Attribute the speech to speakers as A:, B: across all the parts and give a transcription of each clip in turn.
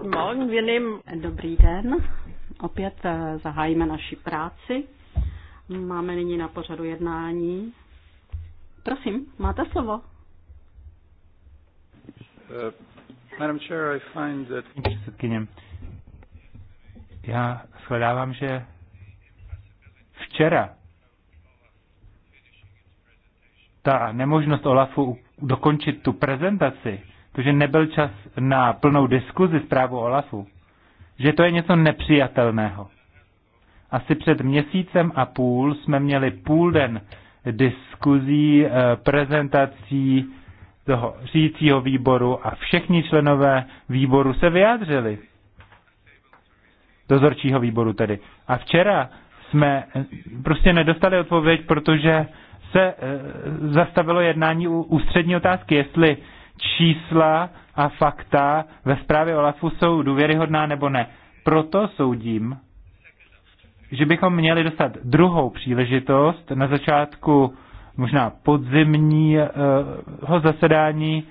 A: Guten Morgen, wir nehmen... Dobrý den, opět eh, zahájíme naši práci. Máme nyní na pořadu jednání. Prosím, máte slovo. Uh,
B: Madam Chair, I find that... Předsedkyně, já shledávám, že včera ta nemožnost Olafu dokončit tu prezentaci to, že nebyl čas na plnou diskuzi zprávu Olafu, že to je něco nepřijatelného. Asi před měsícem a půl jsme měli půl den diskuzí, eh, prezentací toho řídícího výboru a všichni členové výboru se vyjádřili. Dozorčího výboru tedy. A včera jsme eh, prostě nedostali odpověď, protože se eh, zastavilo jednání u ústřední otázky, jestli čísla a fakta ve zprávě OLAFu jsou důvěryhodná nebo ne. Proto soudím, že bychom měli dostat druhou příležitost na začátku možná podzimního eh, zasedání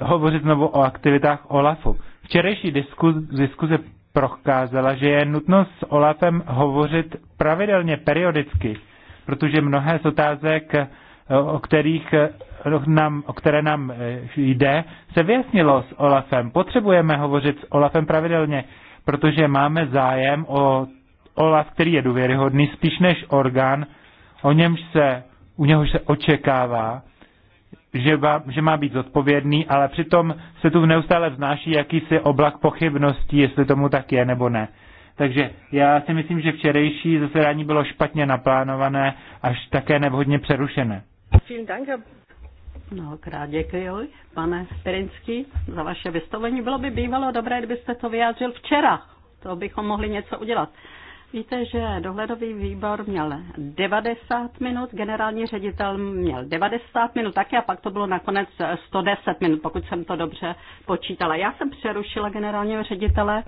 B: hovořit znovu o aktivitách OLAFu. Včerejší diskuz, diskuze prokázala, že je nutno s OLAFem hovořit pravidelně, periodicky, protože mnohé z otázek, eh, o kterých nám, o které nám eh, jde, se vyjasnilo s Olafem. Potřebujeme hovořit s Olafem pravidelně, protože máme zájem o Olaf, který je důvěryhodný, spíš než orgán, o němž se, u něhož se očekává, že, ba, že má být zodpovědný, ale přitom se tu neustále vznáší jakýsi oblak pochybností, jestli tomu tak je nebo ne. Takže já si myslím, že včerejší zasedání bylo špatně naplánované, až také nevhodně přerušené.
A: Mnohokrát děkuji, pane Pirinský, za vaše vystavení. Bylo by bývalo dobré, kdybyste to vyjádřil včera. To bychom mohli něco udělat. Víte, že dohledový výbor měl 90 minut, generální ředitel měl 90 minut taky a pak to bylo nakonec 110 minut, pokud jsem to dobře počítala. Já jsem přerušila generálního ředitele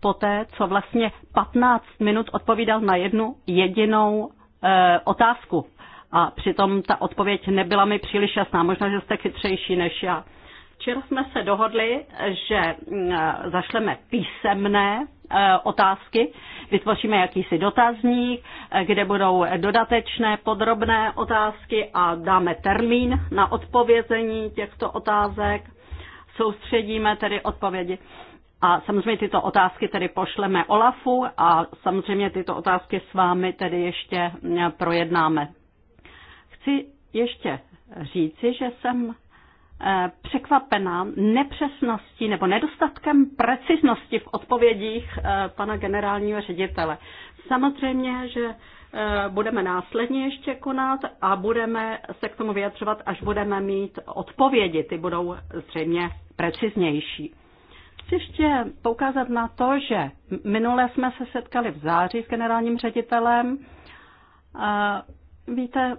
A: poté, co vlastně 15 minut odpovídal na jednu jedinou e, otázku. A přitom ta odpověď nebyla mi příliš jasná. Možná, že jste chytřejší než já. Včera jsme se dohodli, že mm, zašleme písemné e, otázky, vytvoříme jakýsi dotazník, e, kde budou dodatečné podrobné otázky a dáme termín na odpovězení těchto otázek. Soustředíme tedy odpovědi. A samozřejmě tyto otázky tedy pošleme Olafu a samozřejmě tyto otázky s vámi tedy ještě mm, projednáme. Chci ještě říci, že jsem eh, překvapená nepřesností nebo nedostatkem preciznosti v odpovědích eh, pana generálního ředitele. Samozřejmě, že eh, budeme následně ještě konat a budeme se k tomu vyjadřovat, až budeme mít odpovědi. Ty budou zřejmě preciznější. Chci ještě poukázat na to, že minule jsme se setkali v září s generálním ředitelem. Víte,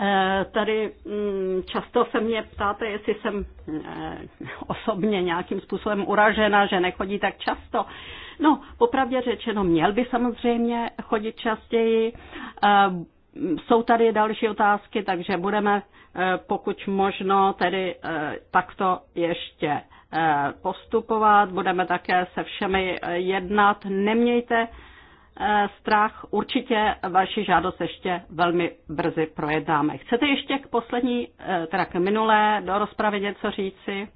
A: Eh, tady mm, často se mě ptáte, jestli jsem eh, osobně nějakým způsobem uražena, že nechodí tak často. No, popravdě řečeno, měl by samozřejmě chodit častěji. Eh, jsou tady další otázky, takže budeme pokud možno tedy takto ještě postupovat. Budeme také se všemi jednat. Nemějte Eh, strach. Určitě vaši žádost ještě velmi brzy projednáme. Chcete ještě k poslední, eh, teda k minulé do rozpravy něco říci?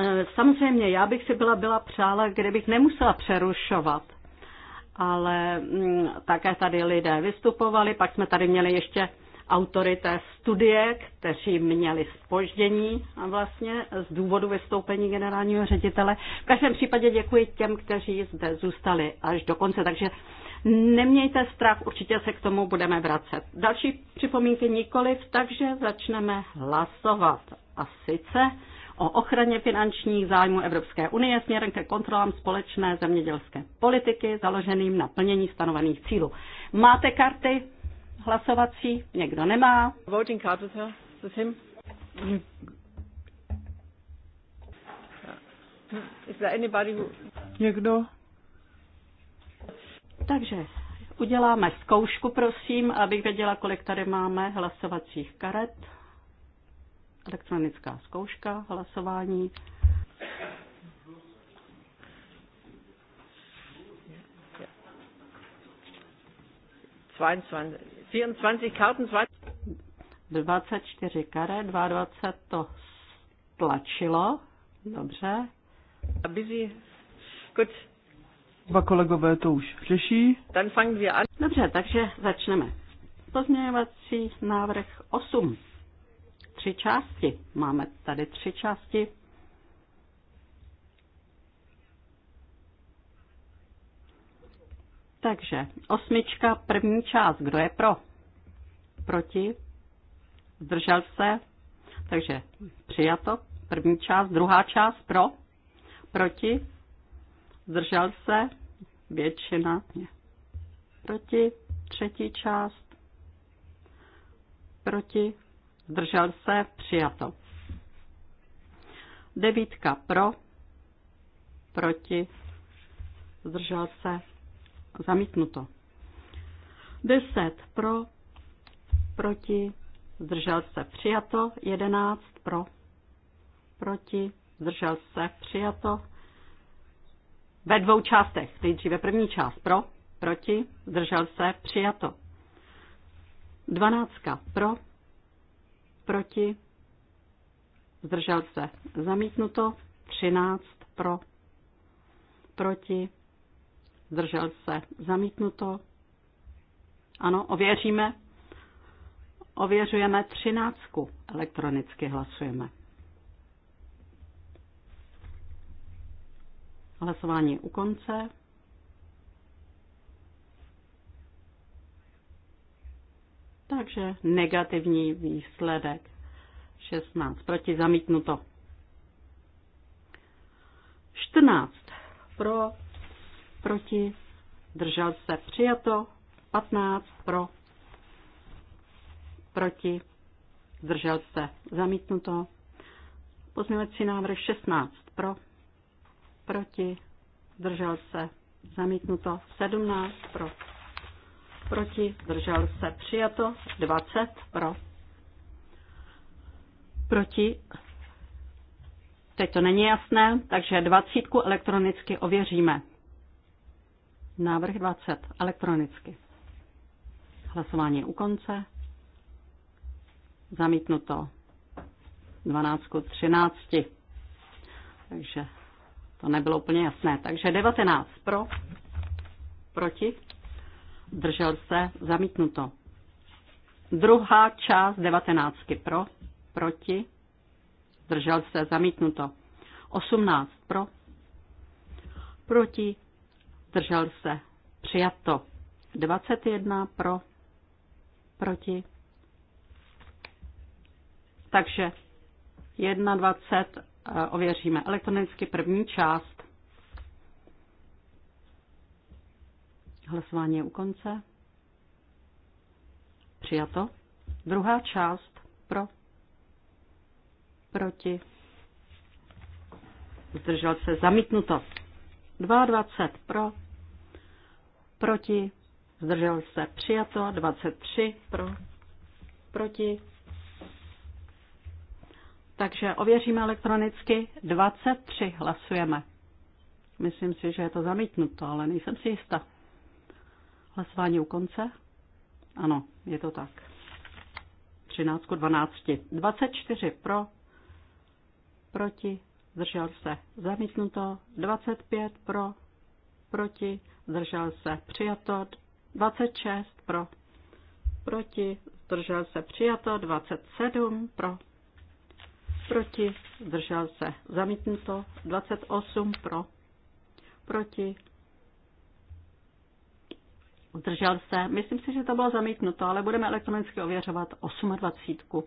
A: Eh, samozřejmě, já bych si byla byla přála, kdybych nemusela přerušovat, ale mm, také tady lidé vystupovali, pak jsme tady měli ještě autory té studie, kteří měli spoždění vlastně z důvodu vystoupení generálního ředitele. V každém případě děkuji těm, kteří zde zůstali až do konce, takže nemějte strach, určitě se k tomu budeme vracet. Další připomínky nikoliv, takže začneme hlasovat. A sice o ochraně finančních zájmů Evropské unie směrem ke kontrolám společné zemědělské politiky založeným na plnění stanovených cílů. Máte karty? hlasovací? Někdo nemá? Voting card with her? With him?
C: Is there anybody who...
A: Někdo? Takže uděláme zkoušku, prosím, abych věděla, kolik tady máme hlasovacích karet. Elektronická zkouška, hlasování.
C: 24 Karten,
A: 24 karet, 22 to tlačilo. Dobře. A busy. Gut. Dva kolegové to už řeší. Dann fangen wir an. Dobře, takže začneme. Pozměňovací návrh 8. Tři části. Máme tady tři části. Takže osmička, první část, kdo je pro? Proti? Zdržel se? Takže přijato, první část, druhá část pro? Proti? Zdržel se? Většina. Proti? Třetí část? Proti? Zdržel se? Přijato. Devítka pro? Proti? Zdržel se? Zamítnuto. 10 pro, proti, zdržel se přijato, 11 pro, proti, zdržel se přijato. Ve dvou částech, nejdříve první část pro, proti, zdržel se přijato. 12 pro, proti, zdržel se zamítnuto, 13 pro, proti, zdržel se, zamítnuto. Ano, ověříme. Ověřujeme třináctku, elektronicky hlasujeme. Hlasování u konce. Takže negativní výsledek. 16 proti zamítnuto. 14 pro proti, držel se přijato, 15 pro, proti, držel se zamítnuto, pozměňovací návrh 16 pro, proti, držel se zamítnuto, 17 pro, proti, držel se přijato, 20 pro, proti, teď to není jasné, takže dvacítku elektronicky ověříme. Návrh 20. Elektronicky. Hlasování u konce. Zamítnuto 12 k 13. Takže to nebylo úplně jasné. Takže 19 pro, proti, držel se, zamítnuto. Druhá část 19 pro, proti, držel se, zamítnuto. 18 pro, proti, zdržel se, přijato. 21 pro, proti. Takže 21 eh, ověříme elektronicky první část. Hlasování je u konce. Přijato. Druhá část pro, proti. Zdržel se zamítnuto. 22 pro, proti, zdržel se přijato, 23 pro, proti. Takže ověříme elektronicky, 23 hlasujeme. Myslím si, že je to zamítnuto, ale nejsem si jista. Hlasování u konce? Ano, je to tak. 13 k 12. 24 pro, proti, zdržel se. Zamítnuto 25 pro, proti, zdržel se přijato 26 pro, proti, zdržel se přijato 27 pro, proti, zdržel se zamítnuto 28 pro, proti, zdržel se. Myslím si, že to bylo zamítnuto, ale budeme elektronicky ověřovat 28.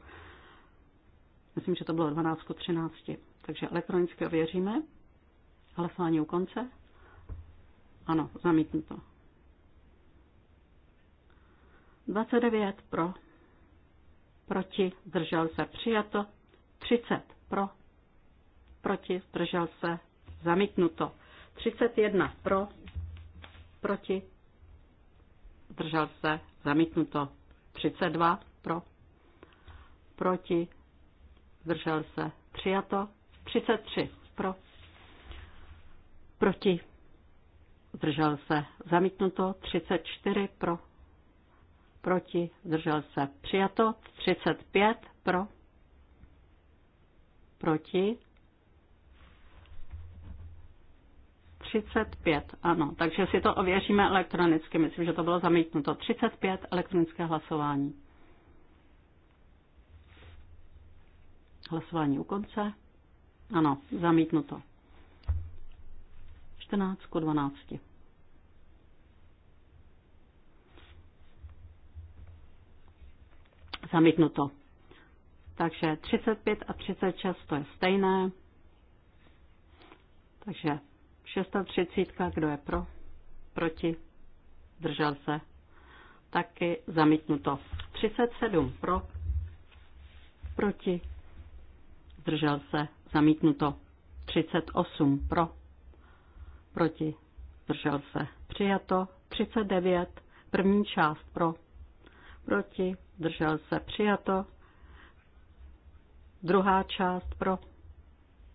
A: Myslím, že to bylo 12 13. Takže elektronicky ověříme. Hlasování u konce. Ano, zamítnuto. 29 pro. Proti, zdržel se, přijato. 30 pro. Proti, zdržel se, zamítnuto. 31 pro. Proti, zdržel se, zamítnuto. 32 pro. Proti, zdržel se, přijato. 33 pro. Proti, zdržel se, zamítnuto, 34 pro, proti, zdržel se, přijato, 35 pro, proti, 35, ano, takže si to ověříme elektronicky, myslím, že to bylo zamítnuto, 35 elektronické hlasování. Hlasování u konce. Ano, zamítnuto. 14 ku 12. Zamítnuto. Takže 35 a 36 to je stejné. Takže 630, kdo je pro, proti, držel se, taky zamítnuto. 37 pro, proti, držel se, zamítnuto. 38 pro, proti, držel se, přijato, 39, první část pro, proti, držel se, přijato, druhá část pro,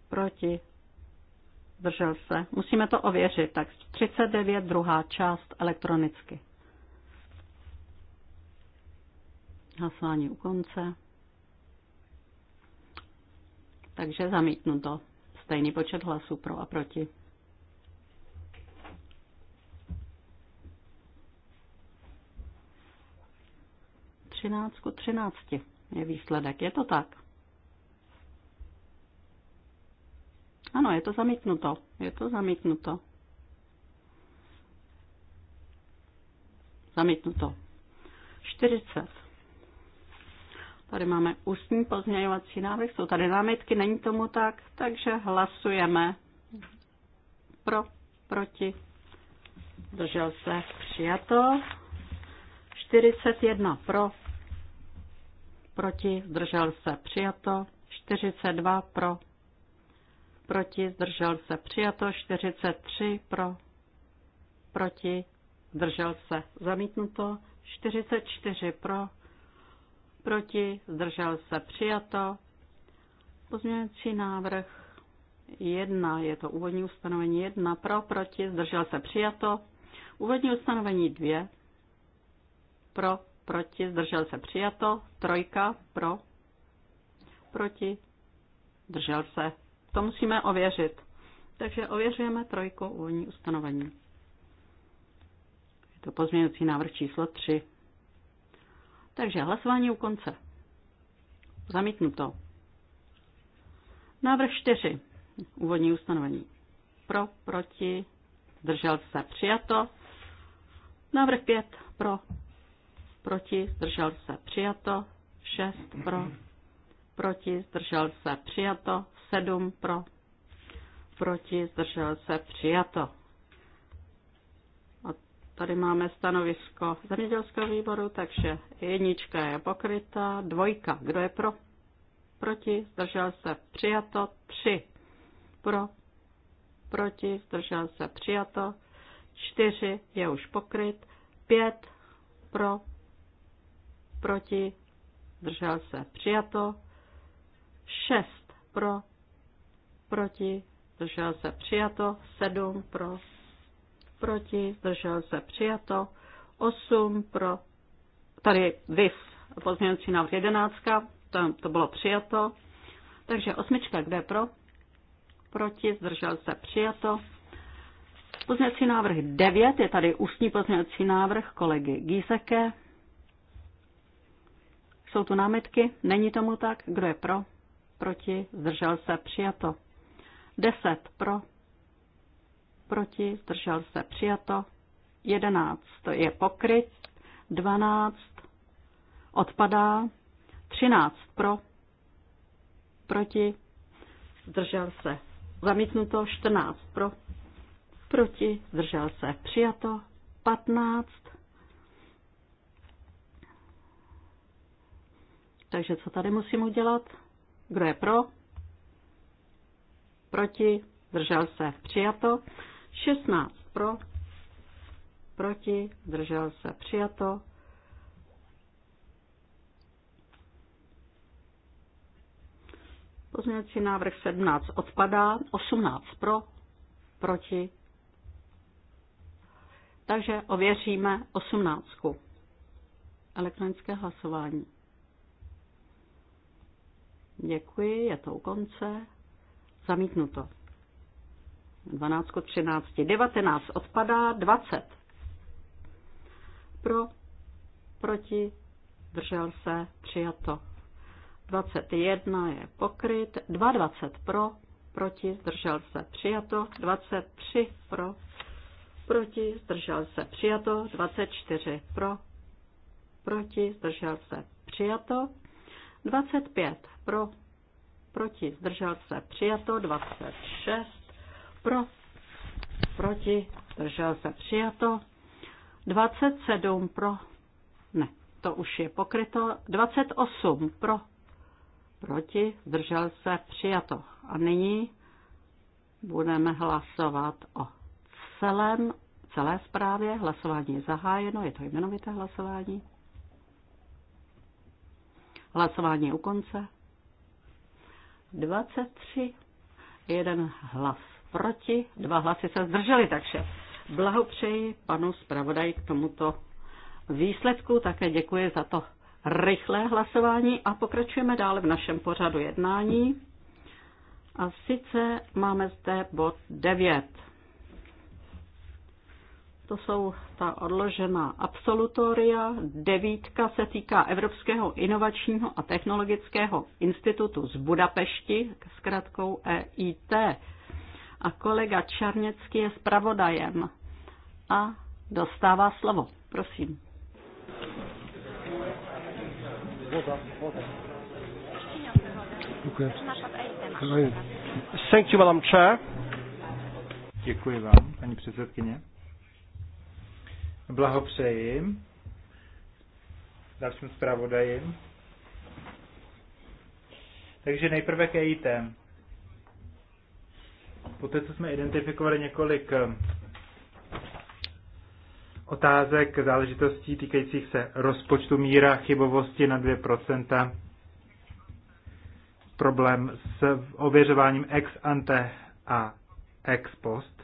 A: proti, držel se. Musíme to ověřit, tak 39, druhá část elektronicky. Hlasování u konce. Takže zamítnu to. Stejný počet hlasů pro a proti. 13 ku 13 je výsledek. Je to tak? Ano, je to zamítnuto. Je to zamítnuto. Zamítnuto. 40. Tady máme ústní pozměňovací návrh, jsou tady námitky, není tomu tak, takže hlasujeme pro, proti, držel se, přijato. 41 pro, proti, zdržel se, přijato, 42 pro, proti, zdržel se, přijato, 43 pro, proti, zdržel se, zamítnuto, 44 pro, proti, zdržel se, přijato, pozměňující návrh 1, je to úvodní ustanovení 1 pro, proti, zdržel se, přijato, úvodní ustanovení 2 pro, proti, zdržel se přijato, trojka pro, proti, zdržel se. To musíme ověřit. Takže ověřujeme trojku úvodní ustanovení. Je to pozměňující návrh číslo 3. Takže hlasování u konce. Zamítnuto. Návrh 4. Úvodní ustanovení. Pro, proti, zdržel se, přijato. Návrh 5. Pro, proti, zdržel se, přijato, 6 pro, proti, zdržel se, přijato, 7 pro, proti, zdržel se, přijato. A tady máme stanovisko zemědělského výboru, takže jednička je pokryta, dvojka, kdo je pro, proti, zdržel se, přijato, 3 pro, proti, zdržel se, přijato, 4 je už pokryt, 5 pro, proti, zdržel se, přijato. šest pro, proti, zdržel se, přijato. sedm pro, proti, zdržel se, přijato. osm pro, tady VIS, pozměňující návrh jedenáctka, to, to bylo přijato. Takže osmička, kde pro? Proti, zdržel se, přijato. Pozměňovací návrh 9, je tady ústní pozměňovací návrh kolegy Gíseke. Jsou tu námitky? Není tomu tak? Kdo je pro? Proti? Zdržel se? Přijato. 10 pro? Proti? Zdržel se? Přijato. 11 je pokryt. 12 odpadá. 13 pro? Proti? Zdržel se? Zamítnuto. 14 pro? Proti? Zdržel se? Přijato. 15 Takže co tady musím udělat? Kdo je pro? Proti? držel se. Přijato. 16 pro. Proti? držel se. Přijato. Pozměňovací návrh 17 odpadá. 18 pro. Proti? Takže ověříme 18. Elektronické hlasování. Děkuji, je to u konce. Zamítnuto. 12 k 13. 19 odpadá, 20. Pro, proti, držel se, přijato. 21 je pokryt, 22 pro, proti, zdržel se, přijato, 23 pro, proti, zdržel se, přijato, 24 pro, proti, zdržel se, přijato, 25 pro, proti, zdržel se, přijato, 26 pro, proti, zdržel se, přijato, 27 pro, ne, to už je pokryto, 28 pro, proti, zdržel se, přijato. A nyní budeme hlasovat o celém, celé zprávě. Hlasování je zahájeno, je to jmenovité hlasování. Hlasování je u konce. 23, jeden hlas proti, dva hlasy se zdrželi, takže blahopřeji panu zpravodaji k tomuto výsledku, také děkuji za to rychlé hlasování a pokračujeme dále v našem pořadu jednání. A sice máme zde bod 9. To jsou ta odložená absolutoria. Devítka se týká Evropského inovačního a technologického institutu z Budapešti, zkratkou EIT. A kolega Čarněcký je zpravodajem a dostává slovo. Prosím.
B: Děkuji vám, paní předsedkyně blahopřejím dalším zpravodajím. Takže nejprve k EIT. Poté, co jsme identifikovali několik eh, otázek, záležitostí týkajících se rozpočtu míra chybovosti na 2%, problém s ověřováním ex ante a ex post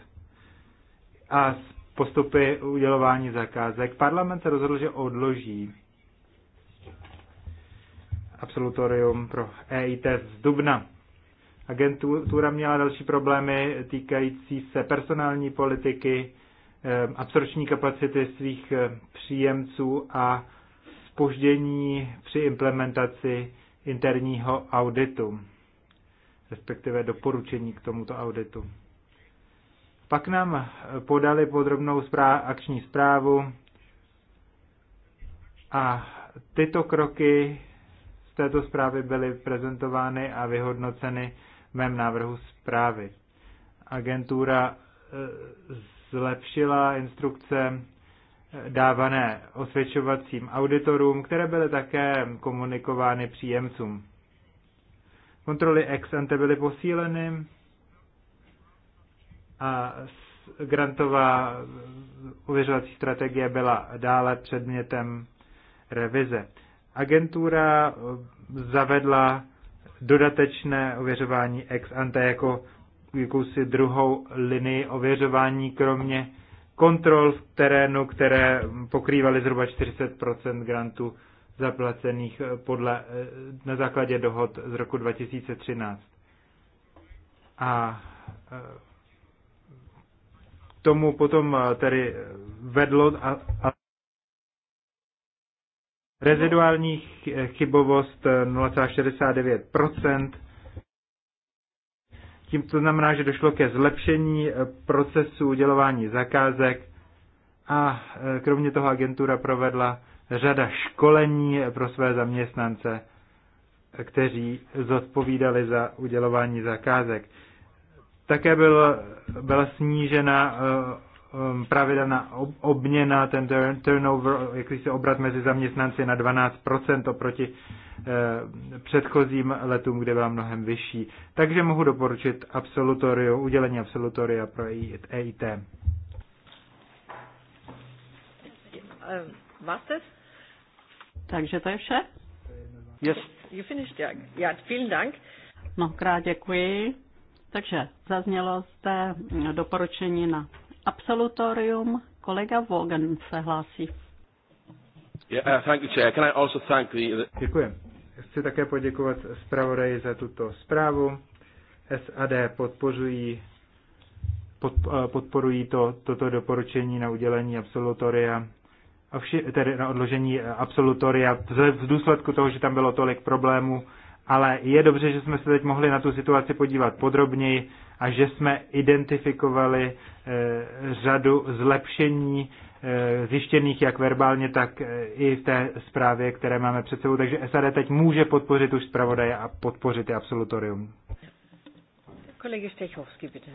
B: a s postupy udělování zakázek. Parlament se rozhodl, že odloží absolutorium pro EIT z Dubna. Agentura měla další problémy týkající se personální politiky, eh, absorční kapacity svých eh, příjemců a spoždění při implementaci interního auditu, respektive doporučení k tomuto auditu. Pak nám eh, podali podrobnou zpráv, akční zprávu a tyto kroky z této zprávy byly prezentovány a vyhodnoceny v mém návrhu zprávy. Agentura eh, zlepšila instrukce eh, dávané osvědčovacím auditorům, které byly také komunikovány příjemcům. Kontroly ex ante byly posíleny a grantová uvěřovací strategie byla dále předmětem revize. Agentura zavedla dodatečné ověřování ex ante jako jakousi druhou linii ověřování, kromě kontrol v terénu, které pokrývaly zhruba 40 grantů zaplacených podle, na základě dohod z roku 2013. A tomu potom eh, tedy vedlo a, a reziduální eh, chybovost 0,69%. Eh, Tím to znamená, že došlo ke zlepšení procesu udělování zakázek a kromě toho agentura provedla řada školení pro své zaměstnance, kteří zodpovídali za udělování zakázek. Také byl, byla snížena eh, eh, pravidelná obměna, ten turnover, jaký se obrat mezi zaměstnanci na 12% oproti eh, předchozím letům, kde byla mnohem vyšší. Takže mohu doporučit absolutorio, udělení absolutoria pro EIT. E
A: máte? Takže to je vše? Yes.
C: You finished, ja. Yeah, vielen Dank.
A: Mnohokrát děkuji. Takže zaznělo zde doporučení na absolutorium. Kolega Vogen se hlásí.
D: Uh,
B: Děkuji. Chci také poděkovat zpravodaji za tuto zprávu. SAD podpořují, eh, podporují to, toto doporučení na udělení absolutoria, tedy na odložení absolutoria v důsledku toho, že tam bylo tolik problémů ale je dobře, že jsme se teď mohli na tu situaci podívat podrobněji a že jsme identifikovali eh, řadu zlepšení eh, zjištěných jak verbálně, tak eh, i v té zprávě, které máme před sebou. Takže SAD teď může podpořit už zpravodaje a podpořit i absolutorium.
A: Kolega Stechovský, bitte.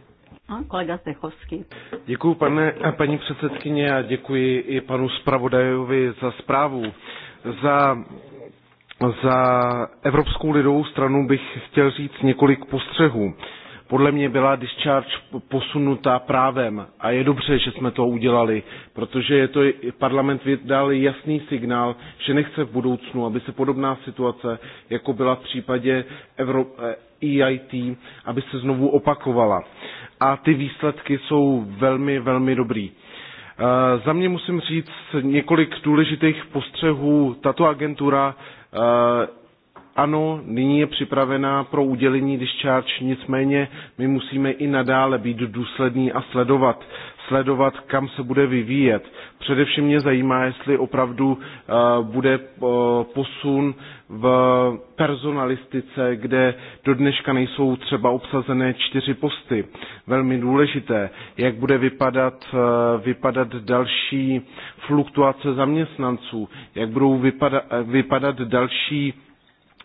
A: kolega Stechovský.
D: Děkuji, pane, paní předsedkyně, a děkuji i panu zpravodajovi za zprávu. Za za Evropskou lidovou stranu bych chtěl říct několik postřehů. Podle mě byla discharge posunutá právem a je dobře, že jsme to udělali, protože je to, parlament vydal jasný signál, že nechce v budoucnu, aby se podobná situace, jako byla v případě Evro, EIT, eh, e aby se znovu opakovala. A ty výsledky jsou velmi, velmi dobrý. Eh, za mě musím říct několik důležitých postřehů. Tato agentura eh, ano, nyní je připravená pro udělení discharge, nicméně my musíme i nadále být důslední a sledovat sledovat, kam se bude vyvíjet. Především mě zajímá, jestli opravdu eh, bude eh, posun v personalistice, kde do dneška nejsou třeba obsazené čtyři posty. Velmi důležité, jak bude vypadat, eh, vypadat další fluktuace zaměstnanců, jak budou vypadat, vypadat další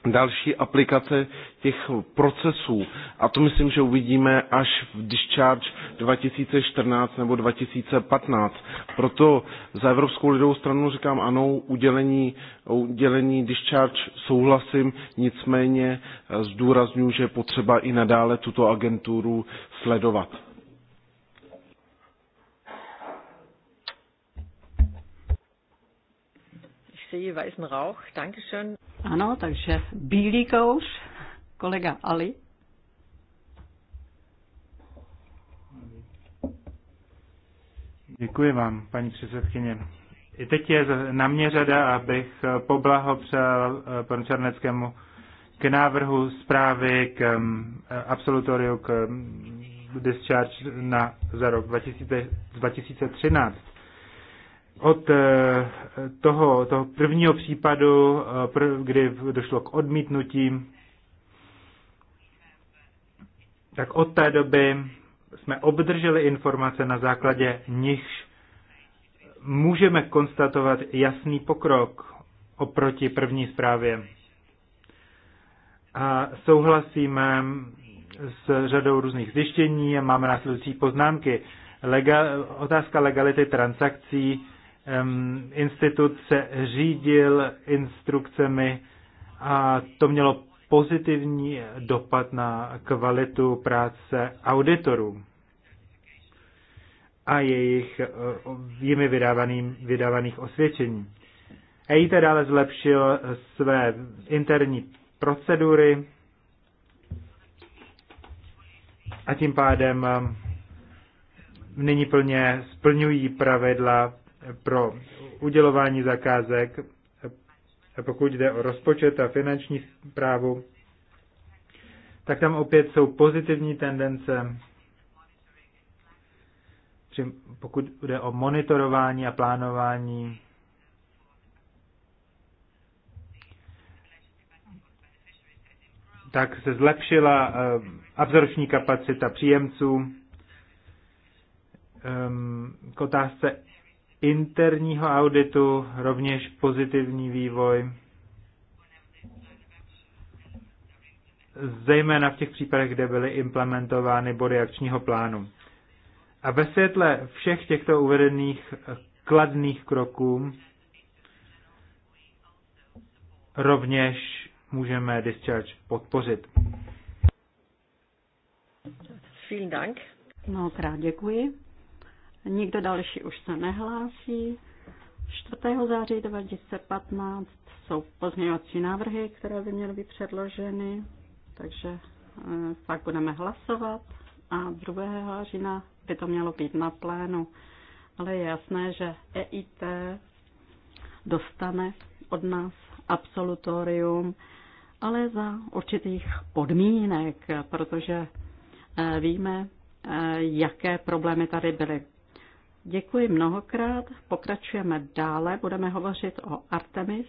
D: další aplikace těch procesů. A to myslím, že uvidíme až v Discharge 2014 nebo 2015. Proto za Evropskou lidovou stranu říkám ano, udělení, udělení Discharge souhlasím, nicméně zdůraznuju, že je potřeba i nadále tuto agenturu sledovat.
C: sehe weißen Rauch. Dankeschön.
A: Ano, takže bílý kouř, kolega Ali.
B: Děkuji vám, paní předsedkyně. I teď je na mě řada, abych poblahopřál eh, panu Černeckému k návrhu zprávy k mm, eh, absolutoriu k mm, discharge na, za rok 2013 od eh, toho, toho prvního případu, eh, kdy došlo k odmítnutí, tak od té doby jsme obdrželi informace, na základě nichž můžeme konstatovat jasný pokrok oproti první zprávě. A souhlasíme s řadou různých zjištění a máme následující poznámky. Legal, otázka legality transakcí institut se řídil instrukcemi a to mělo pozitivní dopad na kvalitu práce auditorů a jejich e, jimi vydávaným, vydávaných osvědčení. EIT dále zlepšil své interní procedury a tím pádem e, nyní plně splňují pravidla pro udělování zakázek, pokud jde o rozpočet a finanční zprávu, tak tam opět jsou pozitivní tendence, pokud jde o monitorování a plánování. tak se zlepšila eh, absorpční kapacita příjemců. Ehm, k otázce interního auditu, rovněž pozitivní vývoj. zejména v těch případech, kde byly implementovány body akčního plánu. A ve světle všech těchto uvedených kladných kroků rovněž můžeme discharge podpořit.
A: Vielen Dank. Mnohokrát děkuji. Nikdo další už se nehlásí. 4. září 2015 jsou pozměňovací návrhy, které by měly být předloženy, takže pak eh, budeme hlasovat a 2. října by to mělo být na plénu. Ale je jasné, že EIT dostane od nás absolutorium, ale za určitých podmínek, protože eh, víme, eh, jaké problémy tady byly. Děkuji mnohokrát. Pokračujeme dále. Budeme hovořit o Artemis.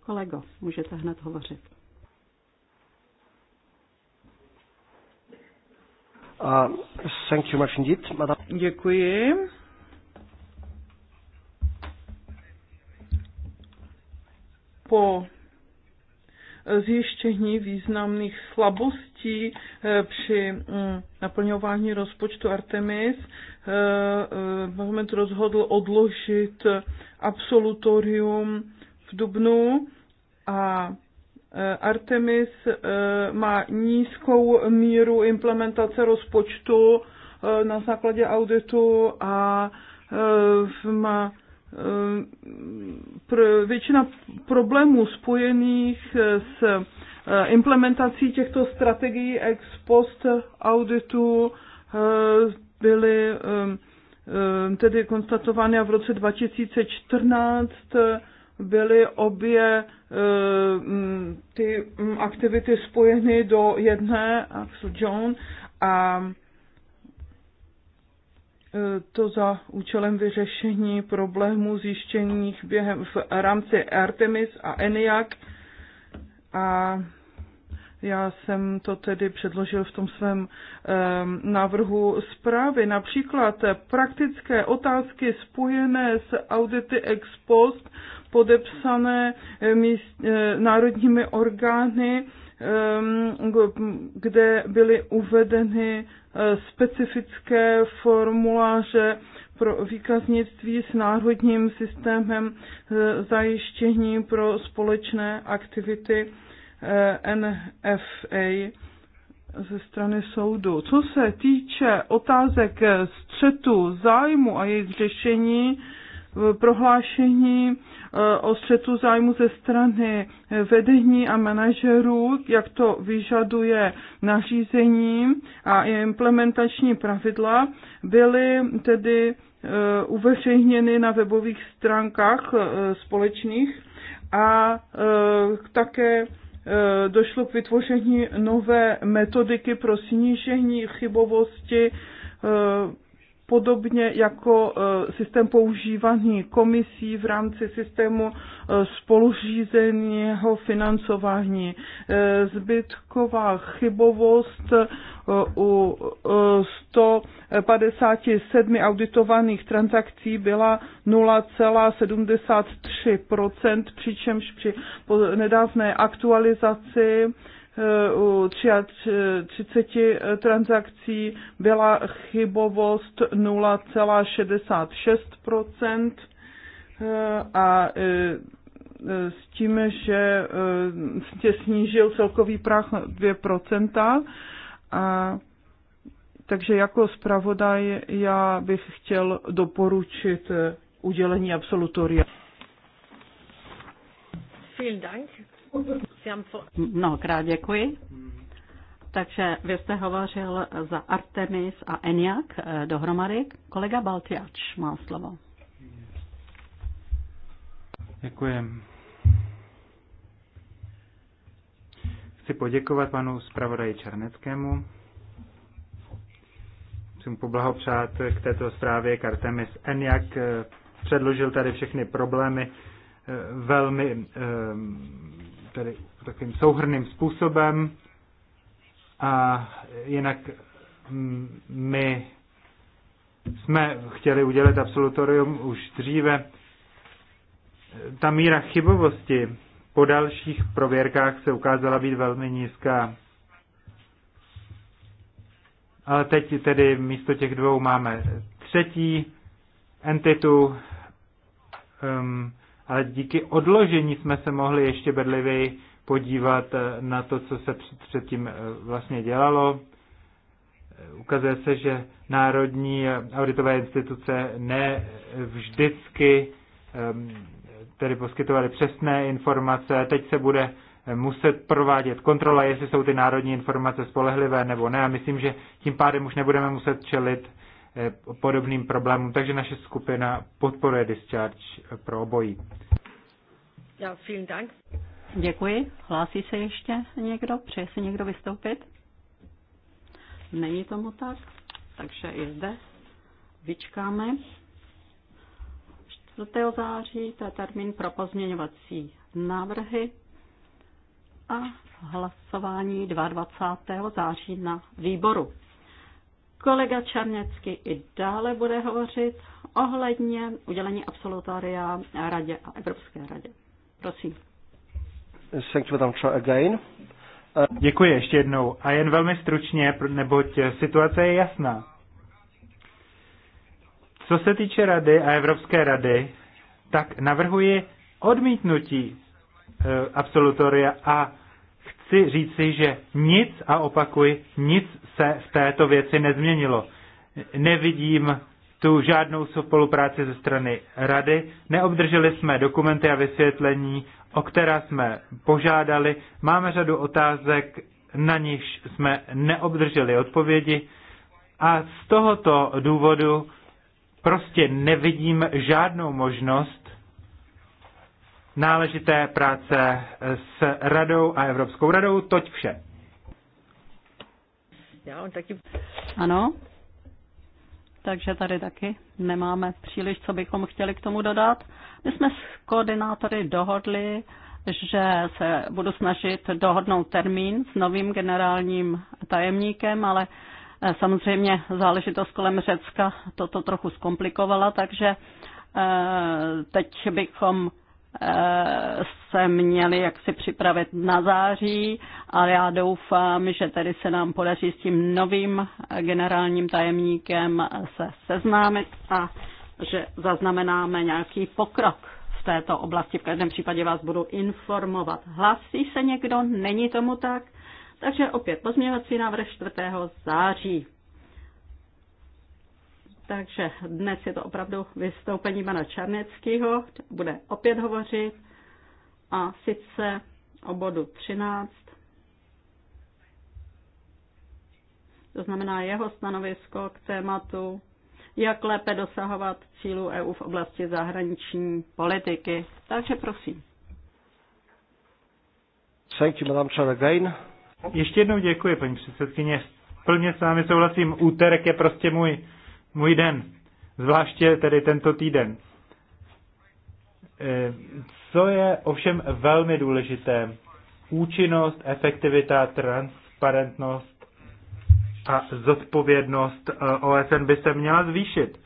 A: Kolego, můžete hned hovořit. Uh, thank you much indeed, madam. Děkuji.
E: Po zjištění významných slabostí eh, při mm, naplňování rozpočtu Artemis. Eh, eh, parlament rozhodl odložit absolutorium v Dubnu a Artemis má nízkou míru implementace rozpočtu na základě auditu a má Eh, pr- většina problémů spojených s eh, implementací těchto strategií ex post auditu eh, byly tedy konstatovány a v roce 2014 byly obě mm, ty mm, aktivity spojeny do jedné, Axel John, a E, to za účelem vyřešení problémů zjištěných během v rámci Artemis a ENIAC. A já jsem to tedy předložil v tom svém um, návrhu zprávy. Například praktické otázky spojené s audity ex post podepsané e, míst, národními orgány Ehm, kde byly uvedeny eh, specifické formuláře pro výkaznictví s národním systémem eh, zajištění pro společné aktivity eh, NFA ze strany soudu. Co se týče otázek střetu zájmu a jejich řešení, prohlášení eh, o střetu zájmu ze strany vedení a manažerů, jak to vyžaduje nařízení a implementační pravidla, byly tedy eh, uveřejněny na webových stránkách eh, společných a také došlo k vytvoření nové metodiky pro snížení chybovosti podobně jako e, systém používaný komisí v rámci systému e, spolužízeného financování. E, zbytková chybovost u 157 auditovaných transakcí byla 0,73%, přičemž při nedávné aktualizaci Eh, u 33 eh, eh, transakcí byla chybovost 0,66 a s tím, že se snížil celkový prach 2 a takže jako zpravodaj já bych chtěl doporučit
A: udělení absolutoria. Vielen Dank. Mnohokrát děkuji. Takže vy jste hovořil za Artemis a Eniak eh, dohromady. Kolega Baltiač má slovo.
B: Děkuji. Chci poděkovat panu zpravodaji Černeckému. Chci mu poblahopřát k této zprávě k Artemis Eniak. Eh, předložil tady všechny problémy eh, velmi tedy takovým souhrným způsobem. A jinak mm, my jsme chtěli udělat absolutorium už dříve. Ta míra chybovosti po dalších prověrkách se ukázala být velmi nízká. Ale teď tedy místo těch dvou máme třetí entitu, um, ale díky odložení jsme se mohli ještě bedlivěji podívat eh, na to, co se předtím eh, vlastně dělalo. Eh, ukazuje se, že národní auditové instituce ne vždycky ehm, tedy poskytovaly přesné informace. Teď se bude muset provádět kontrola, jestli jsou ty národní informace spolehlivé nebo ne. A myslím, že tím pádem už nebudeme muset čelit Eh, podobným problémům, takže naše skupina podporuje discharge eh, pro obojí.
C: Ja, vielen
A: Dank. Děkuji. Hlásí se ještě někdo? Přeje si někdo vystoupit? Není tomu tak, takže i zde vyčkáme. 4. září to je termín pro pozměňovací návrhy a hlasování 22. září na výboru. Kolega Černěcky i dále bude hovořit ohledně udělení absolutoria Radě a Evropské radě.
B: Prosím. Thank you, again. Uh, Děkuji ještě jednou. A jen velmi stručně, neboť situace je jasná. Co se týče Rady a Evropské rady, tak navrhuji odmítnutí eh, absolutoria a chci říci, že nic, a opakuji, nic se v této věci nezměnilo. Nevidím tu žádnou spolupráci ze strany rady. Neobdrželi jsme dokumenty a vysvětlení, o která jsme požádali. Máme řadu otázek, na nichž jsme neobdrželi odpovědi. A z tohoto důvodu prostě nevidím žádnou možnost, náležité práce s Radou a Evropskou radou. Toť vše. Ano.
A: Takže tady taky nemáme příliš, co bychom chtěli k tomu dodat. My jsme s koordinátory dohodli, že se budu snažit dohodnout termín s novým generálním tajemníkem, ale eh, samozřejmě záležitost kolem Řecka toto trochu zkomplikovala, takže eh, teď bychom se měli jaksi připravit na září, ale já doufám, že tedy se nám podaří s tím novým eh, generálním tajemníkem se seznámit a že zaznamenáme nějaký pokrok v této oblasti. V každém případě vás budu informovat. Hlásí se někdo? Není tomu tak? Takže opět pozměňovací návrh 4. září. Takže dnes je to opravdu vystoupení pana Čarneckého, bude opět hovořit a sice o bodu 13. To znamená jeho stanovisko k tématu, jak lépe dosahovat cílů EU v oblasti zahraniční politiky. Takže prosím.
B: Thank you, Madam Chair, again. Ještě jednou děkuji, paní předsedkyně. Plně s vámi souhlasím. Úterek je prostě můj můj den, zvláště tedy tento týden. Eh, co je ovšem velmi důležité, účinnost, efektivita, transparentnost a zodpovědnost eh, OSN by se měla zvýšit.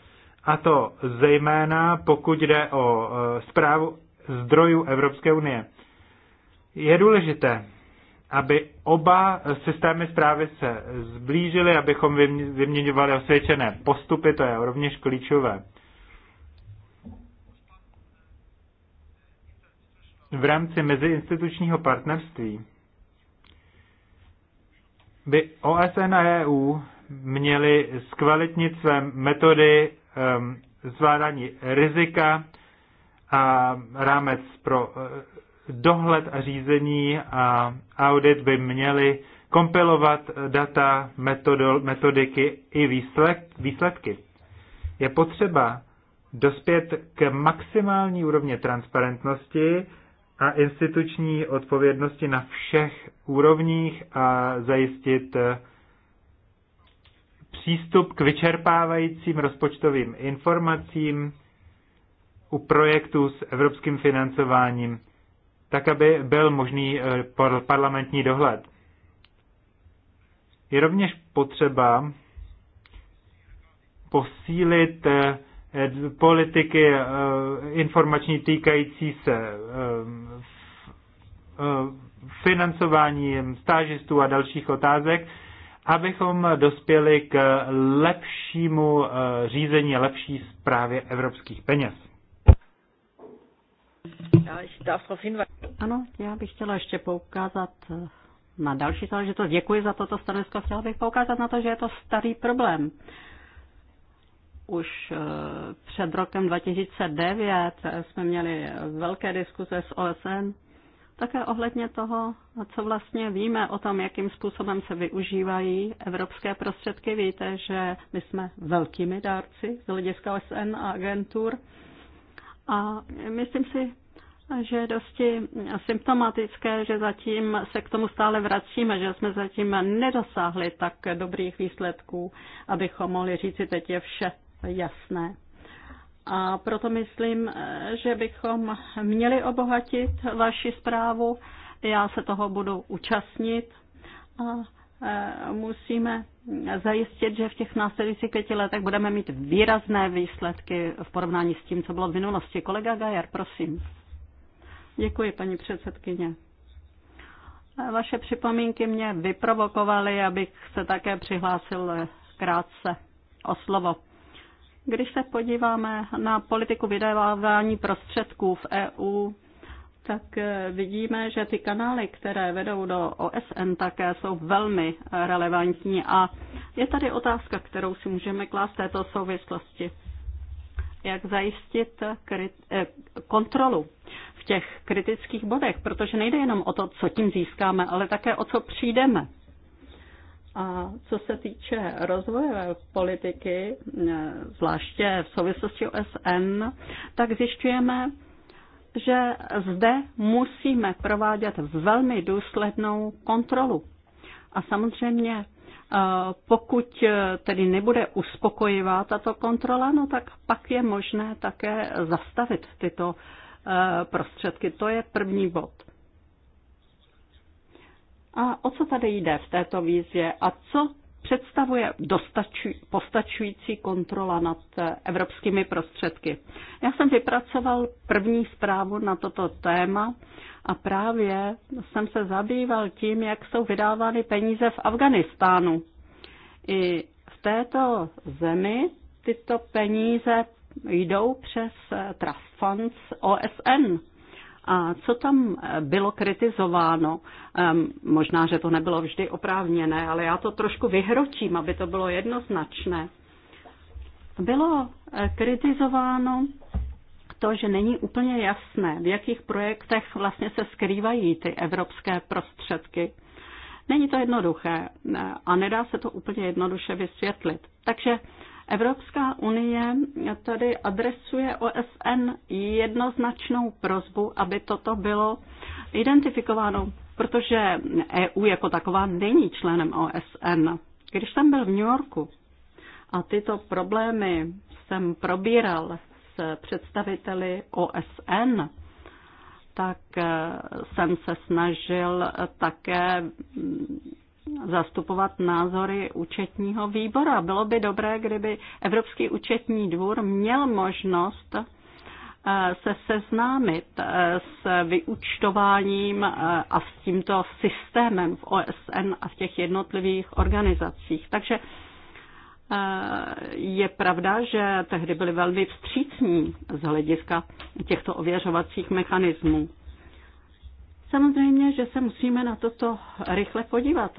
B: A to zejména pokud jde o eh, zprávu zdrojů Evropské unie. Je důležité, aby oba systémy zprávy se zblížily, abychom vyměňovali osvědčené postupy, to je rovněž klíčové. V rámci meziinstitučního partnerství by OSN a EU měly zkvalitnit své metody ehm, zvládání rizika a rámec pro dohled a řízení a audit by měly kompilovat data, metodol, metodiky i výsledky. Je potřeba dospět k maximální úrovně transparentnosti a instituční odpovědnosti na všech úrovních a zajistit eh, přístup k vyčerpávajícím rozpočtovým informacím u projektů s evropským financováním tak aby byl možný eh, parlamentní dohled. Je rovněž potřeba posílit eh, eh, politiky informační týkající se financování stážistů a dalších otázek, abychom dospěli k lepšímu řízení a lepší zprávě evropských peněz.
A: Ano, já bych chtěla ještě poukázat eh, na další záležitost. Děkuji za toto stanovisko. Chtěla bych poukázat na to, že je to starý problém. Už eh, před rokem 2009 eh, jsme měli velké diskuze s OSN, také ohledně toho, co vlastně víme o tom, jakým způsobem se využívají evropské prostředky. Víte, že my jsme velkými dárci z hlediska OSN a agentur. A myslím si, že je dosti symptomatické, že zatím se k tomu stále vracíme, že jsme zatím nedosáhli tak dobrých výsledků, abychom mohli říci, teď je vše jasné. A proto myslím, že bychom měli obohatit vaši zprávu. Já se toho budu účastnit. A Eh, musíme zajistit, že v těch následujících pěti letech budeme mít výrazné výsledky v porovnání s tím, co bylo v minulosti. Kolega Gajar, prosím. Děkuji, paní předsedkyně. Eh, vaše připomínky mě vyprovokovaly, abych se také přihlásil eh, krátce o slovo. Když se podíváme na politiku vydávání prostředků v EU, tak eh, vidíme, že ty kanály, které vedou do OSN, také jsou velmi relevantní a je tady otázka, kterou si můžeme klást této souvislosti. Jak zajistit eh, kontrolu v těch kritických bodech, protože nejde jenom o to, co tím získáme, ale také o co přijdeme. A co se týče rozvoje politiky, eh, zvláště v souvislosti OSN, tak zjišťujeme, že zde musíme provádět velmi důslednou kontrolu. A samozřejmě, eh, pokud eh, tedy nebude uspokojivá tato kontrola, no tak pak je možné také zastavit tyto eh, prostředky. To je první bod. A o co tady jde v této výzvě a co představuje postačující kontrola nad eh, evropskými prostředky. Já jsem vypracoval první zprávu na toto téma a právě jsem se zabýval tím, jak jsou vydávány peníze v Afganistánu. I v této zemi tyto peníze jdou přes eh, trust funds OSN. A co tam eh, bylo kritizováno? Ehm, možná, že to nebylo vždy oprávněné, ale já to trošku vyhročím, aby to bylo jednoznačné. Bylo eh, kritizováno to, že není úplně jasné, v jakých projektech vlastně se skrývají ty evropské prostředky. Není to jednoduché eh, a nedá se to úplně jednoduše vysvětlit. Takže Evropská unie tady adresuje OSN jednoznačnou prozbu, aby toto bylo identifikováno, protože EU jako taková není členem OSN. Když jsem byl v New Yorku a tyto problémy jsem probíral s představiteli OSN, tak eh, jsem se snažil také zastupovat názory účetního a Bylo by dobré, kdyby Evropský účetní dvůr měl možnost eh, se seznámit eh, s vyučtováním eh, a s tímto systémem v OSN a v těch jednotlivých organizacích. Takže je pravda, že tehdy byly velmi vstřícní z hlediska těchto ověřovacích mechanismů. Samozřejmě, že se musíme na toto rychle podívat,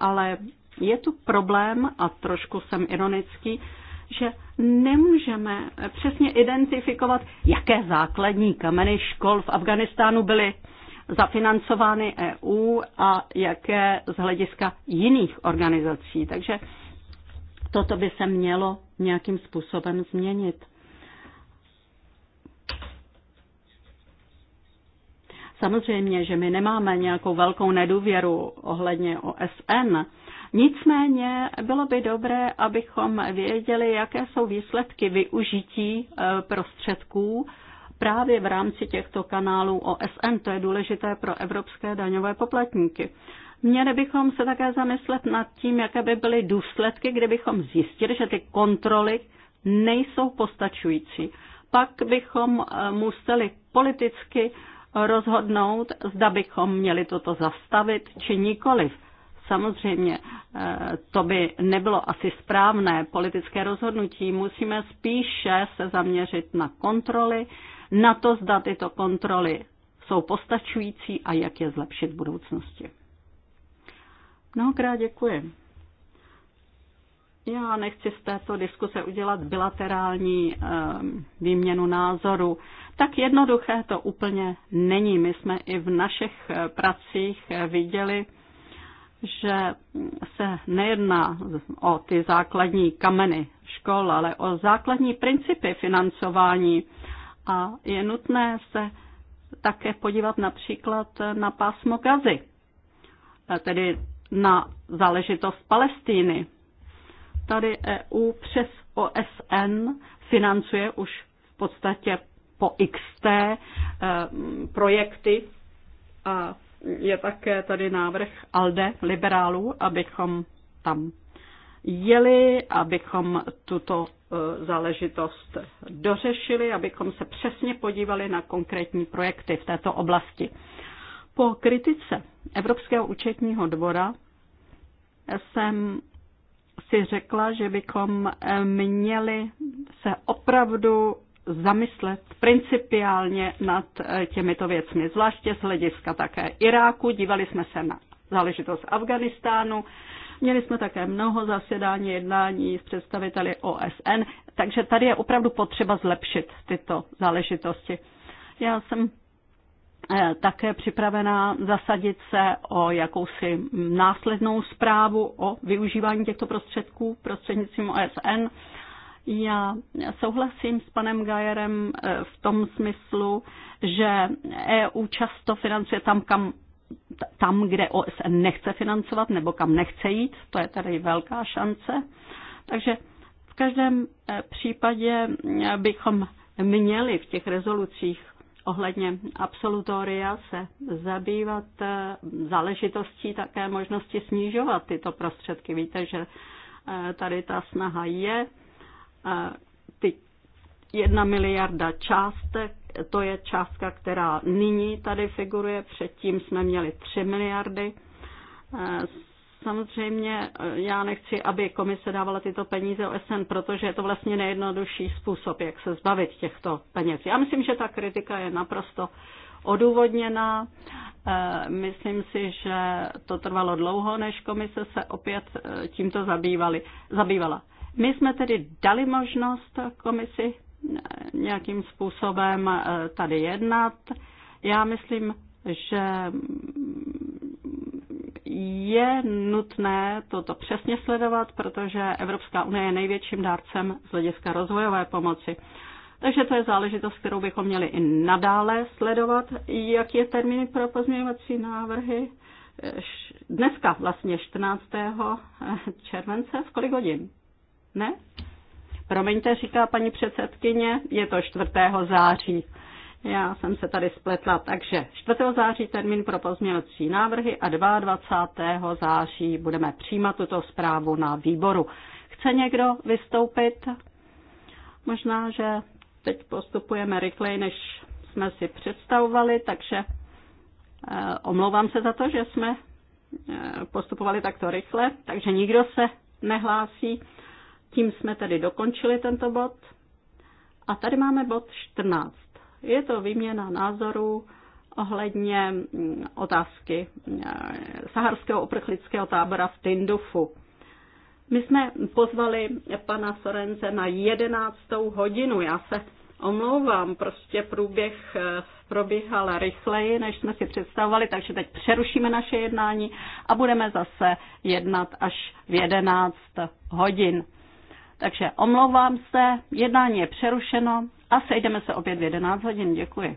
A: ale je tu problém, a trošku jsem ironický, že nemůžeme přesně identifikovat, jaké základní kameny škol v Afganistánu byly zafinancovány EU a jaké z hlediska jiných organizací. Takže toto by se mělo nějakým způsobem změnit. Samozřejmě, že my nemáme nějakou velkou nedůvěru ohledně OSN, nicméně bylo by dobré, abychom věděli, jaké jsou výsledky využití e, prostředků právě v rámci těchto kanálů OSN. To je důležité pro evropské daňové poplatníky. Měli bychom se také zamyslet nad tím, jaké by byly důsledky, kdybychom zjistili, že ty kontroly nejsou postačující. Pak bychom e, museli politicky rozhodnout, zda bychom měli toto zastavit či nikoliv. Samozřejmě eh, to by nebylo asi správné politické rozhodnutí. Musíme spíše se zaměřit na kontroly, na to, zda tyto kontroly jsou postačující a jak je zlepšit v budoucnosti. Mnohokrát děkuji. Já nechci z této diskuse udělat bilaterální eh, výměnu názoru tak jednoduché to úplně není. My jsme i v našich eh, pracích eh, viděli, že se nejedná o ty základní kameny škol, ale o základní principy financování. A je nutné se také podívat například na pásmo Gazy, eh, tedy na záležitost Palestíny. Tady EU přes OSN financuje už v podstatě po XT eh, projekty a je také tady návrh ALDE liberálů, abychom tam jeli, abychom tuto eh, záležitost dořešili, abychom se přesně podívali na konkrétní projekty v této oblasti. Po kritice Evropského účetního dvora jsem si řekla, že bychom eh, měli se opravdu zamyslet principiálně nad eh, těmito věcmi, zvláště z hlediska také Iráku. Dívali jsme se na záležitost Afganistánu. Měli jsme také mnoho zasedání, jednání s představiteli OSN, takže tady je opravdu potřeba zlepšit tyto záležitosti. Já jsem eh, také připravená zasadit se o jakousi následnou zprávu o využívání těchto prostředků prostřednictvím OSN. Já souhlasím s panem Gajerem eh, v tom smyslu, že EU často financuje tam, kam tam, kde OSN nechce financovat nebo kam nechce jít, to je tady velká šance. Takže v každém eh, případě eh, bychom měli v těch rezolucích ohledně absolutoria se zabývat záležitostí také možnosti snižovat tyto prostředky. Víte, že tady ta snaha je ty jedna miliarda částek, to je částka, která nyní tady figuruje, předtím jsme měli 3 miliardy. E, samozřejmě e, já nechci, aby komise dávala tyto peníze OSN, protože je to vlastně nejjednodušší způsob, jak se zbavit těchto peněz. Já myslím, že ta kritika je naprosto odůvodněná. E, myslím si, že to trvalo dlouho, než komise se opět tímto zabývali, zabývala. My jsme tedy dali možnost komisi eh, nějakým způsobem eh, tady jednat. Já myslím, že je nutné toto přesně sledovat, protože Evropská unie je největším dárcem z hlediska rozvojové pomoci. Takže to je záležitost, kterou bychom měli i nadále sledovat, jak je termín pro pozměňovací návrhy. Eh, dneska vlastně 14. července v kolik hodin? Ne? Promiňte, říká paní předsedkyně, je to 4. září. Já jsem se tady spletla, takže 4. září termín pro pozměňovací návrhy a 22. září budeme přijímat tuto zprávu na výboru. Chce někdo vystoupit? Možná, že teď postupujeme rychleji, než jsme si představovali, takže eh, omlouvám se za to, že jsme eh, postupovali takto rychle, takže nikdo se nehlásí. Tím jsme tedy dokončili tento bod. A tady máme bod 14. Je to výměna názorů ohledně mm, otázky eh, saharského uprchlického tábora v Tindufu. My jsme pozvali pana Sorence na 11. hodinu. Já se omlouvám, prostě průběh eh, probíhal rychleji, než jsme si představovali, takže teď přerušíme naše jednání a budeme zase jednat až v 11 hodin. Takže omlouvám se, jednání je přerušeno a sejdeme se opět v 11 hodin. Děkuji.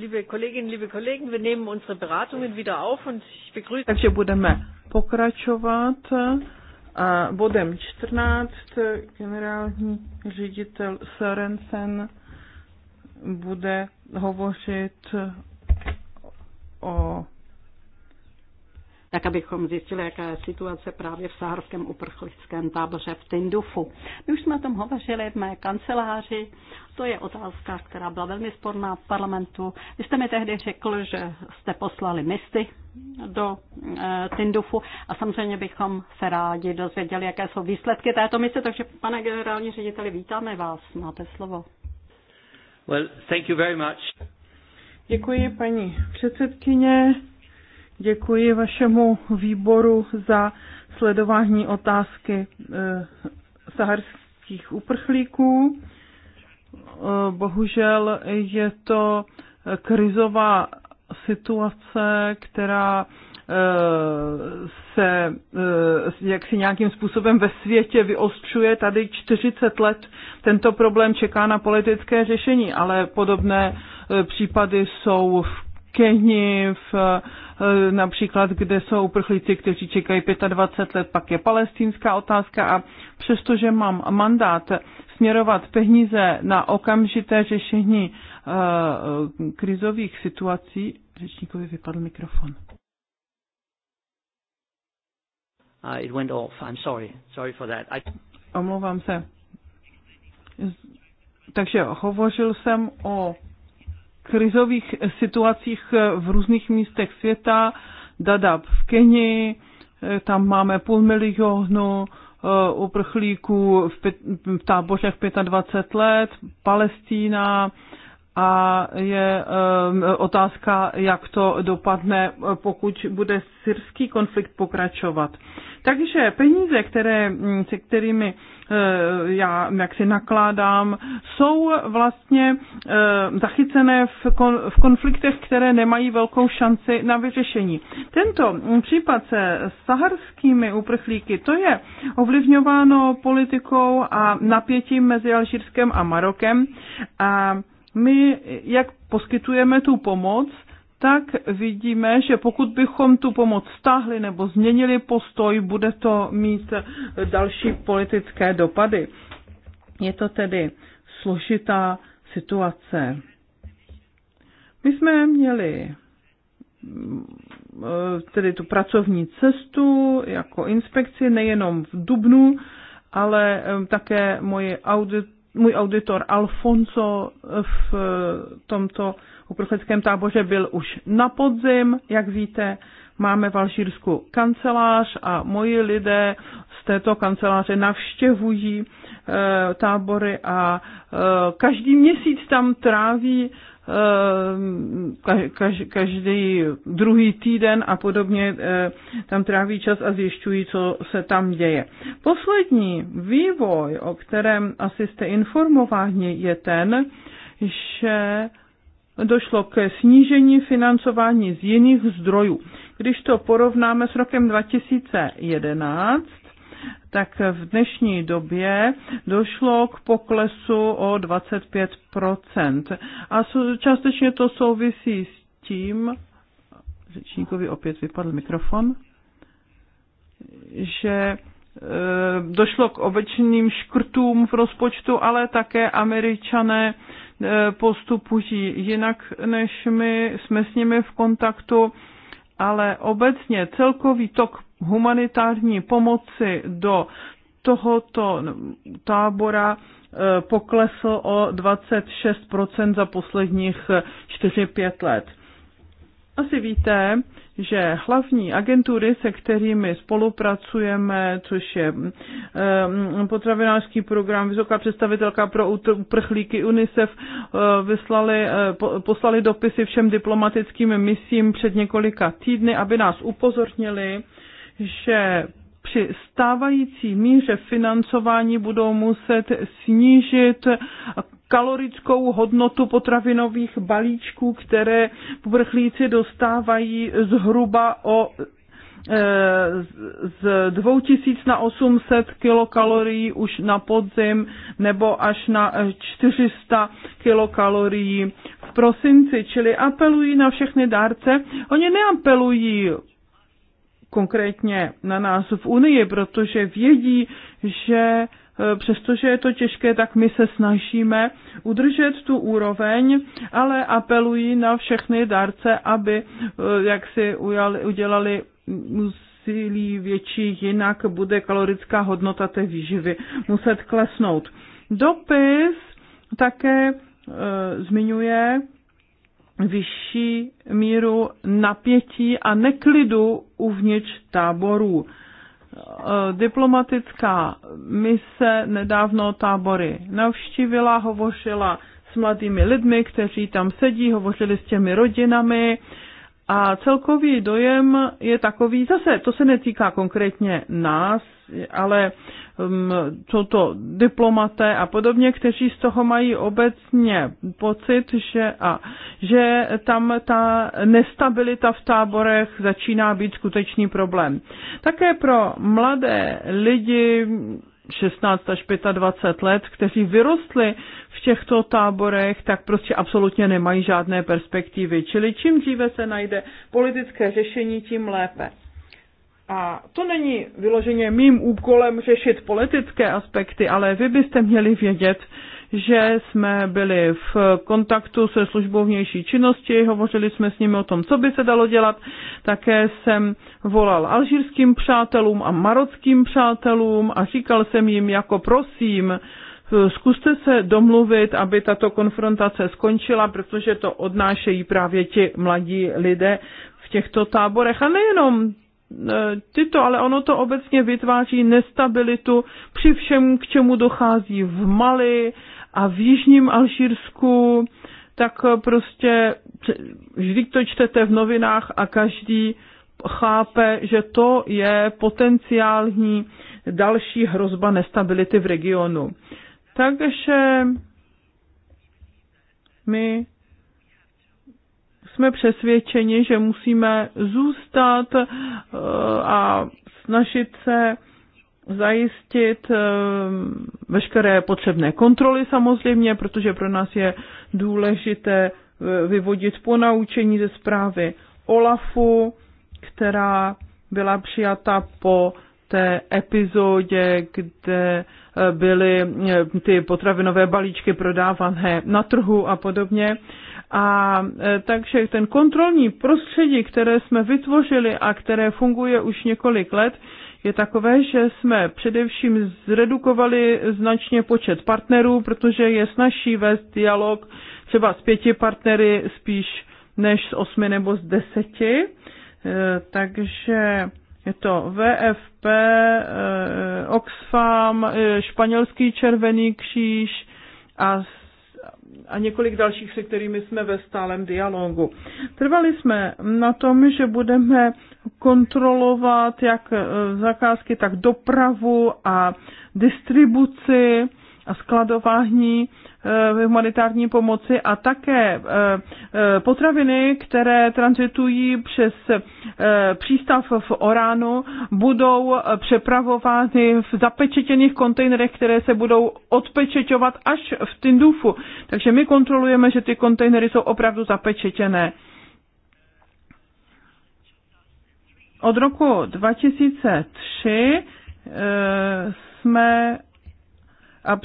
C: Liebe Kolleginnen, liebe Kollegen, wir nehmen unsere Beratungen wieder auf und ich begrüße. Takže
E: budeme pokračovat a bodem 14 generální ředitel Sorensen
A: bude hovořit o tak abychom zjistili, jaká je situace právě v saharském uprchlickém táboře v Tindufu. My už jsme o tom hovořili v mé kanceláři, to je otázka, která byla velmi sporná v parlamentu. Vy jste mi tehdy řekl, že jste poslali misty do e, Tindufu a samozřejmě bychom se rádi dozvěděli, jaké jsou výsledky této mise, takže pane generální řediteli, vítáme vás, máte slovo.
C: Well, thank you very much.
A: Děkuji, paní předsedkyně.
E: Děkuji vašemu výboru za sledování otázky eh, saharských uprchlíků. Eh, bohužel je to eh, krizová situace, která se jak si nějakým způsobem ve světě vyostřuje. Tady 40 let tento problém čeká na politické řešení, ale podobné případy jsou v Keni, v, eh, eh, například, kde jsou uprchlíci, kteří čekají 25 let, pak je palestinská otázka a přestože mám mandát směrovat peníze na okamžité řešení uh, krizových situací, řečníkovi vypadl mikrofon.
C: Uh, it went off. I'm sorry. Sorry for that. I...
E: Omlouvám se. Takže hovořil jsem o krizových situacích v různých místech světa, Dadab v Keni, tam máme půl milionu eh, uprchlíků v, v tábořech 25 let, Palestína, a je otázka, jak to dopadne, pokud bude syrský konflikt pokračovat. Takže peníze, které, se kterými já jak si nakládám, jsou vlastně zachycené v konfliktech, které nemají velkou šanci na vyřešení. Tento případ se saharskými uprchlíky, to je ovlivňováno politikou a napětím mezi Alžírskem a Marokem a my, jak poskytujeme tu pomoc, tak vidíme, že pokud bychom tu pomoc stáhli nebo změnili postoj, bude to mít další politické dopady. Je to tedy složitá situace. My jsme měli mm, eh, tedy tu pracovní cestu jako inspekci nejenom v Dubnu, ale eh, také moji audit můj auditor Alfonso v eh, tomto uprchlickém táboře byl už na podzim, jak víte, máme v Alžírsku kancelář a moji lidé z této kanceláře navštěvují e, tábory a e, každý měsíc tam tráví Eh, každý druhý týden a podobně eh, tam tráví čas a zjišťují, co se tam děje. Poslední vývoj, o kterém asi jste informováni, je ten, že došlo ke snížení financování z jiných zdrojů. Když to porovnáme s rokem 2011, tak v dnešní době došlo k poklesu o 25 A částečně to souvisí s tím, řečníkovi opět vypadl mikrofon, že e, došlo k obecným škrtům v rozpočtu, ale také američané e, postupují jinak než my, jsme s nimi v kontaktu, ale obecně celkový tok humanitární pomoci do tohoto tábora e, poklesl o 26% za posledních 4-5 let. Asi víte, že hlavní agentury, se kterými spolupracujeme, což je e, potravinářský program, vysoká představitelka pro uprchlíky UNICEF, e, vyslali, poslali dopisy všem diplomatickým misím před několika týdny, aby nás upozornili že při stávající míře financování budou muset snížit kalorickou hodnotu potravinových balíčků, které povrchlíci dostávají zhruba o e, z 2000 na 800 kilokalorií už na podzim nebo až na 400 kilokalorií v prosinci, čili apelují na všechny dárce. Oni neapelují konkrétně na nás v Unii, protože vědí, že e, přestože je to těžké, tak my se snažíme udržet tu úroveň, ale apelují na všechny dárce, aby e, jak si ujali, udělali úsilí větší, jinak bude kalorická hodnota té výživy muset klesnout. Dopis také e, zmiňuje vyšší míru napětí a neklidu uvnitř táborů. E, diplomatická mise nedávno tábory navštívila, hovořila s mladými lidmi, kteří tam sedí, hovořili s těmi rodinami, a celkový dojem je takový, zase to se netýká konkrétně nás, ale um, jsou to diplomaté a podobně, kteří z toho mají obecně pocit, že, a, že tam ta nestabilita v táborech začíná být skutečný problém. Také pro mladé lidi 16 až 25 let, kteří vyrostli v těchto táborech, tak prostě absolutně nemají žádné perspektivy. Čili čím dříve se najde politické řešení, tím lépe. A to není vyloženě mým úkolem řešit politické aspekty, ale vy byste měli vědět, že jsme byli v kontaktu se službou vnější činnosti, hovořili jsme s nimi o tom, co by se dalo dělat. Také jsem volal alžírským přátelům a marockým přátelům a říkal jsem jim jako prosím, Zkuste se domluvit, aby tato konfrontace skončila, protože to odnášejí právě ti mladí lidé v těchto táborech. A nejenom e, tyto, ale ono to obecně vytváří nestabilitu při všem, k čemu dochází v Mali a v Jižním Alžírsku, tak prostě vždy to čtete v novinách a každý chápe, že to je potenciální další hrozba nestability v regionu. Takže my jsme přesvědčeni, že musíme zůstat eh, a snažit se zajistit eh, veškeré potřebné kontroly samozřejmě, protože pro nás je důležité eh, vyvodit ponaučení ze zprávy OLAFu, která byla přijata po té epizodě, kde eh, byly eh, ty potravinové balíčky prodávané na trhu a podobně. A eh, takže ten kontrolní prostředí, které jsme vytvořili a které funguje už několik let, je takové, že jsme především zredukovali značně počet partnerů, protože je snažší vést dialog třeba s pěti partnery spíš než s osmi nebo s deseti. Takže je to VF P, eh, eh, Oxfam, eh, Španělský červený kříž a a několik dalších, se kterými jsme ve stálem dialogu. Trvali jsme na tom, že budeme kontrolovat jak zakázky, tak dopravu a distribuci a skladování Eh, humanitární pomoci a také eh, eh, potraviny, které transitují přes přístav v Oránu, budou přepravovány v zapečetěných kontejnerech, které se budou odpečeťovat až v Tindufu. Takže my kontrolujeme, že ty kontejnery jsou opravdu zapečetěné. Od roku 2003 jsme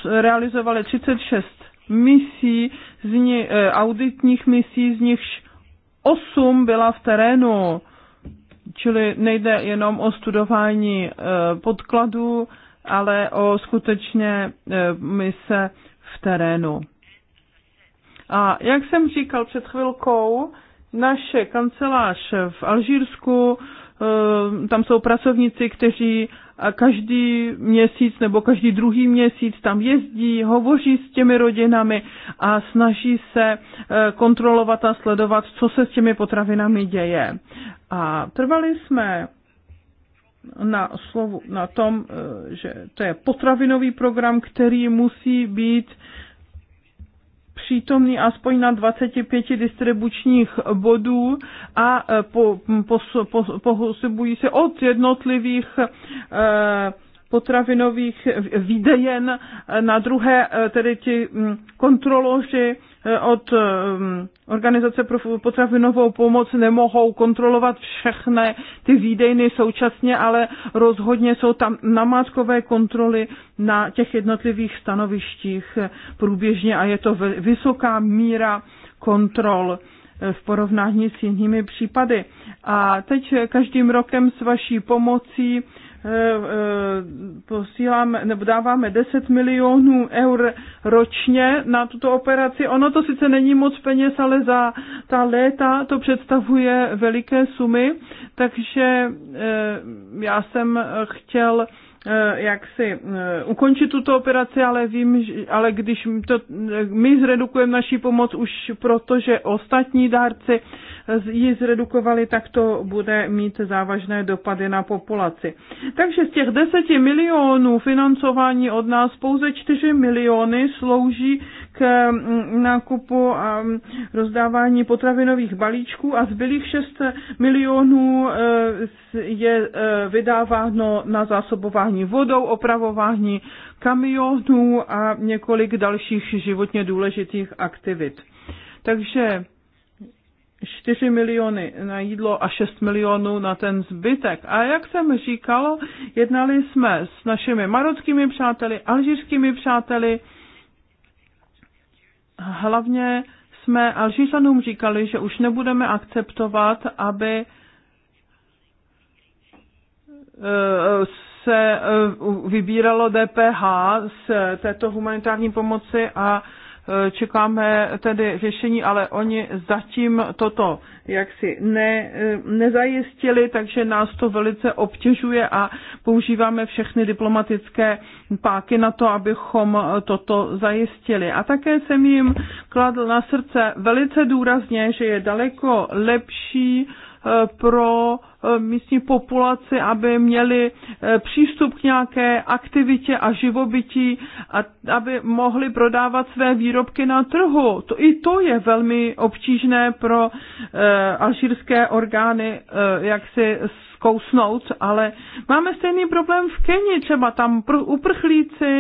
E: realizovali 36 misí, z ní, e, auditních misí, z nichž 8 byla v terénu. Čili nejde jenom o studování e, podkladů, ale o skutečně e, mise v terénu. A jak jsem říkal před chvilkou, naše kancelář v Alžírsku, tam jsou pracovníci, kteří a každý měsíc nebo každý druhý měsíc tam jezdí, hovoří s těmi rodinami a snaží se e, kontrolovat a sledovat, co se s těmi potravinami děje. A trvali jsme na, slovu, na tom, e, že to je potravinový program, který musí být přítomný aspoň na 25 distribučních bodů a eh, po, po, po, pohybují se od jednotlivých eh, potravinových výdejen, na druhé eh, tedy ti mm, kontroloři eh, od mm, Organizace pro potravinovou pomoc nemohou kontrolovat všechny ty výdejny současně, ale rozhodně jsou tam namáckové kontroly na těch jednotlivých stanovištích průběžně a je to vysoká míra kontrol eh, v porovnání s jinými případy. A teď každým rokem s vaší pomocí Eh, eh, posíláme, nebo dáváme 10 milionů eur ročně na tuto operaci. Ono to sice není moc peněz, ale za ta léta to představuje veliké sumy, takže eh, já jsem chtěl Eh, jak si eh, ukončit tuto operaci, ale vím, ale když to, eh, my zredukujeme naši pomoc už proto, že ostatní dárci ji zredukovali, tak to bude mít závažné dopady na populaci. Takže z těch 10 milionů financování od nás pouze 4 miliony slouží k mm, nákupu a mm, rozdávání potravinových balíčků a zbylých 6 milionů eh, je eh, vydáváno na zásobování vodou, opravování kamionů a několik dalších životně důležitých aktivit. Takže 4 miliony na jídlo a 6 milionů na ten zbytek. A jak jsem říkalo, jednali jsme s našimi marockými přáteli, alžírskými přáteli, hlavně jsme Alžířanům říkali, že už nebudeme akceptovat, aby e, se e, vybíralo DPH z této humanitární pomoci a čekáme tedy řešení, ale oni zatím toto jaksi ne, nezajistili, takže nás to velice obtěžuje a používáme všechny diplomatické páky na to, abychom toto zajistili. A také jsem jim kladl na srdce velice důrazně, že je daleko lepší eh, pro Eh, místní populaci, aby měli eh, přístup k nějaké aktivitě a živobytí, a aby mohli prodávat své výrobky na trhu. To, I to je velmi obtížné pro eh, alžírské orgány, jak si kousnout, ale máme stejný problém v Keni, třeba tam uprchlíci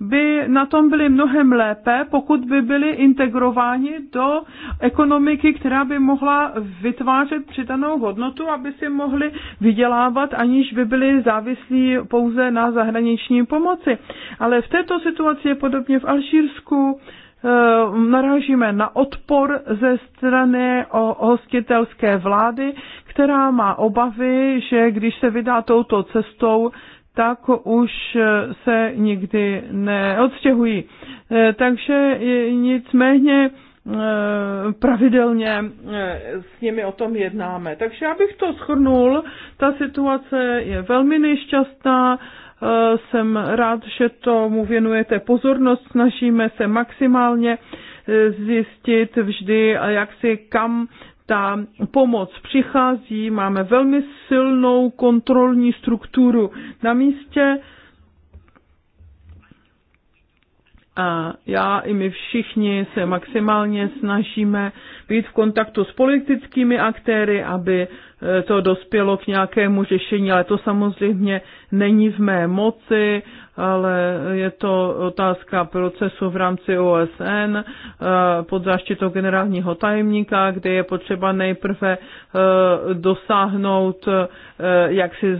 E: by na tom byli mnohem lépe, pokud by byli integrováni do ekonomiky, která by mohla vytvářet přidanou hodnotu, aby si mohli vydělávat, aniž by byli závislí pouze na zahraniční pomoci. Ale v této situaci je podobně v Alžírsku, Eh, narážíme na odpor ze strany hostitelské vlády, která má obavy, že když se vydá touto cestou, tak už eh, se nikdy neodstěhují. Eh, takže nicméně pravidelně s nimi o tom jednáme. Takže abych to shrnul, ta situace je velmi nešťastná, Eh, jsem rád, že tomu věnujete pozornost. Snažíme se maximálně eh, zjistit vždy, jak si kam ta pomoc přichází. Máme velmi silnou kontrolní strukturu na místě A já i my všichni se maximálně snažíme být v kontaktu s politickými aktéry, aby e, to dospělo k nějakému řešení, ale to samozřejmě není v mé moci ale je to otázka procesu v rámci OSN eh, pod záštitou generálního tajemníka, kde je potřeba nejprve eh, dosáhnout eh, jaksi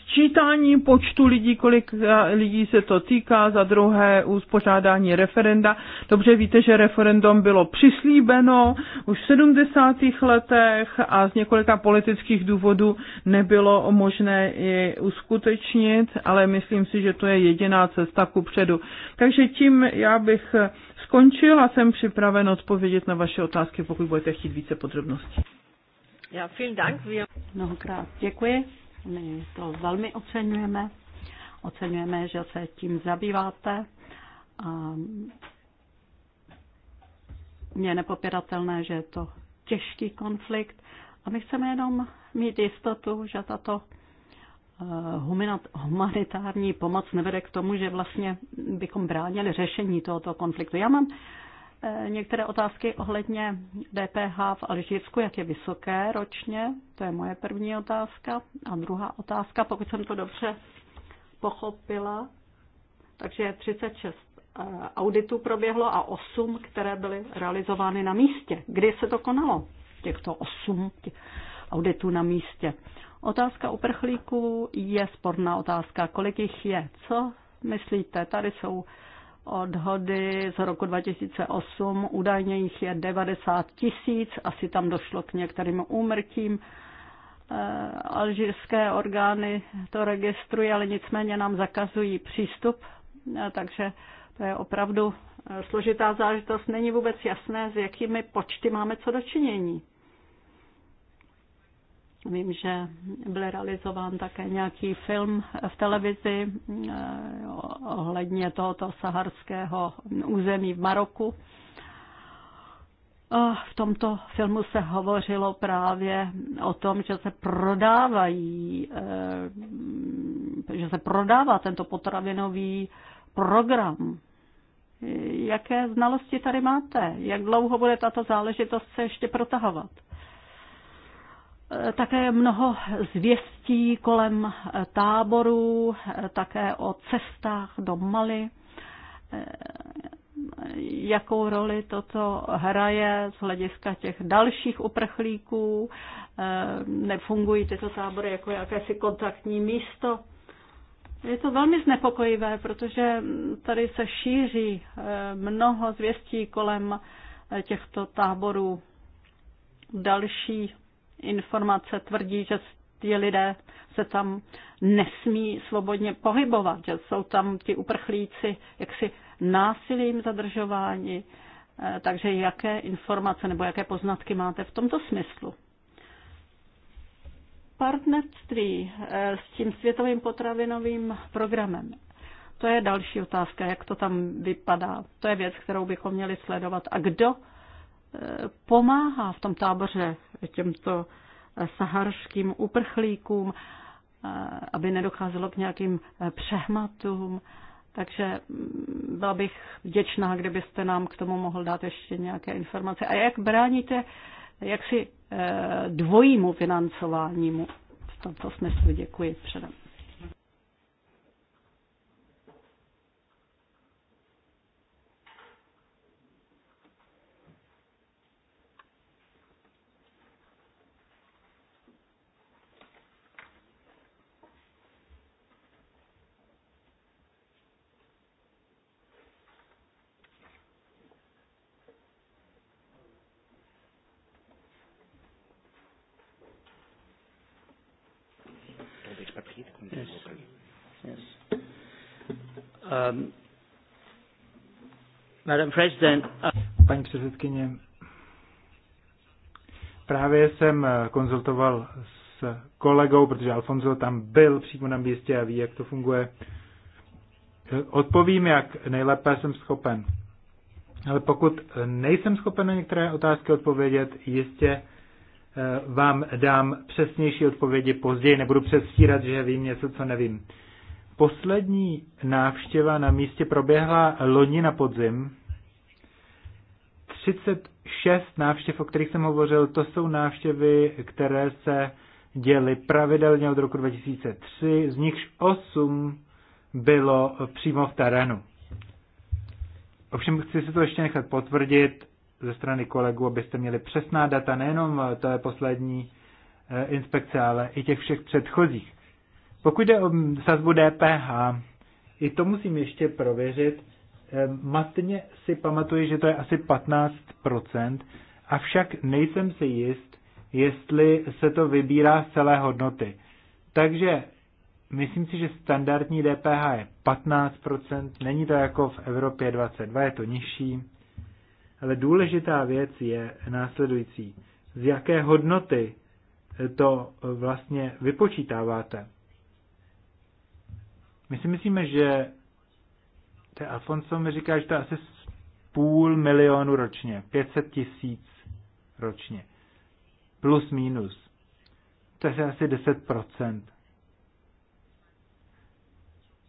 E: sčítání počtu lidí, kolik lidí se to týká, za druhé uspořádání referenda. Dobře víte, že referendum bylo přislíbeno už v 70. letech a z několika politických důvodů nebylo možné je uskutečnit, ale myslím si, že to je jediná cesta ku předu. Takže tím já bych skončil a jsem připraven odpovědět na vaše otázky, pokud budete chtít více podrobností.
A: Já vielen Dank. Mnohokrát děkuji. My to velmi oceňujeme. Oceňujeme, že se tím zabýváte. A je nepopiratelné, že je to těžký konflikt. A my chceme jenom mít jistotu, že tato Eh, humanitární pomoc nevede k tomu, že vlastně bychom bránili řešení tohoto konfliktu. Já mám eh, některé otázky ohledně DPH v Alžírsku, jak je vysoké ročně, to je moje první otázka. A druhá otázka, pokud jsem to dobře pochopila, takže 36 eh, auditů proběhlo a 8, které byly realizovány na místě. Kdy se to konalo? Těchto 8 auditů na místě. Otázka uprchlíků je sporná otázka. Kolik jich je? Co myslíte? Tady jsou odhody z roku 2008. Údajně jich je 90 tisíc. Asi tam došlo k některým úmrtím. Eh, alžírské orgány to registrují, ale nicméně nám zakazují přístup, eh, takže to je opravdu eh, složitá zážitost. Není vůbec jasné, s jakými počty máme co dočinění. Vím, že byl realizován také nějaký film v televizi eh, ohledně tohoto saharského území v Maroku. V tomto filmu se hovořilo právě o tom, že se prodávají, eh, že se prodává tento potravinový program. Jaké znalosti tady máte? Jak dlouho bude tato záležitost se ještě protahovat? Eh, také mnoho zvěstí kolem eh, táborů, eh, také o cestách do Mali, jakou roli toto hraje z hlediska těch dalších uprchlíků, nefungují tyto tábory jako jakési kontaktní místo. Je to velmi znepokojivé, protože tady se šíří mnoho zvěstí kolem těchto táborů. Další informace tvrdí, že ti lidé se tam nesmí svobodně pohybovat, že jsou tam ti uprchlíci jaksi násilím zadržováni. Eh, takže jaké informace nebo jaké poznatky máte v tomto smyslu? Partnerství eh, s tím světovým potravinovým programem. To je další otázka, jak to tam vypadá. To je věc, kterou bychom měli sledovat. A kdo eh, pomáhá v tom táboře těmto eh, saharským uprchlíkům, eh, aby nedocházelo k nějakým eh, přehmatům. Takže mm, byla bych vděčná, kdybyste nám k tomu mohl dát ještě nějaké informace. A jak bráníte jaksi dvojímu financovánímu? V tomto smyslu děkuji předem.
C: Um,
B: Madam President, uh, Paní předsedkyně, právě jsem uh, konzultoval s kolegou, protože Alfonso tam byl přímo na místě a ví, jak to funguje. Odpovím, jak nejlépe jsem schopen. Ale pokud nejsem schopen na některé otázky odpovědět, jistě uh, vám dám přesnější odpovědi později. Nebudu předstírat, že vím něco, co nevím. Poslední návštěva na místě proběhla loni na podzim. 36 návštěv, o kterých jsem hovořil, to jsou návštěvy, které se děly pravidelně od roku 2003, z nichž 8 bylo přímo v terénu. Ovšem chci si to ještě nechat potvrdit ze strany kolegů, abyste měli přesná data, nejenom té poslední eh, inspekce, ale i těch všech předchozích. Pokud jde o sazbu DPH, i to musím ještě prověřit. Ehm, matně si pamatuju, že to je asi 15%, avšak nejsem si jist, jestli se to vybírá z celé hodnoty. Takže myslím si, že standardní DPH je 15%, není to jako v Evropě 22, je to nižší. Ale důležitá věc je následující. Z jaké hodnoty to vlastně vypočítáváte? My si myslíme, že to Alfonso mi říká, že to je asi půl milionu ročně, 500 tisíc ročně. Plus minus. To je asi 10%.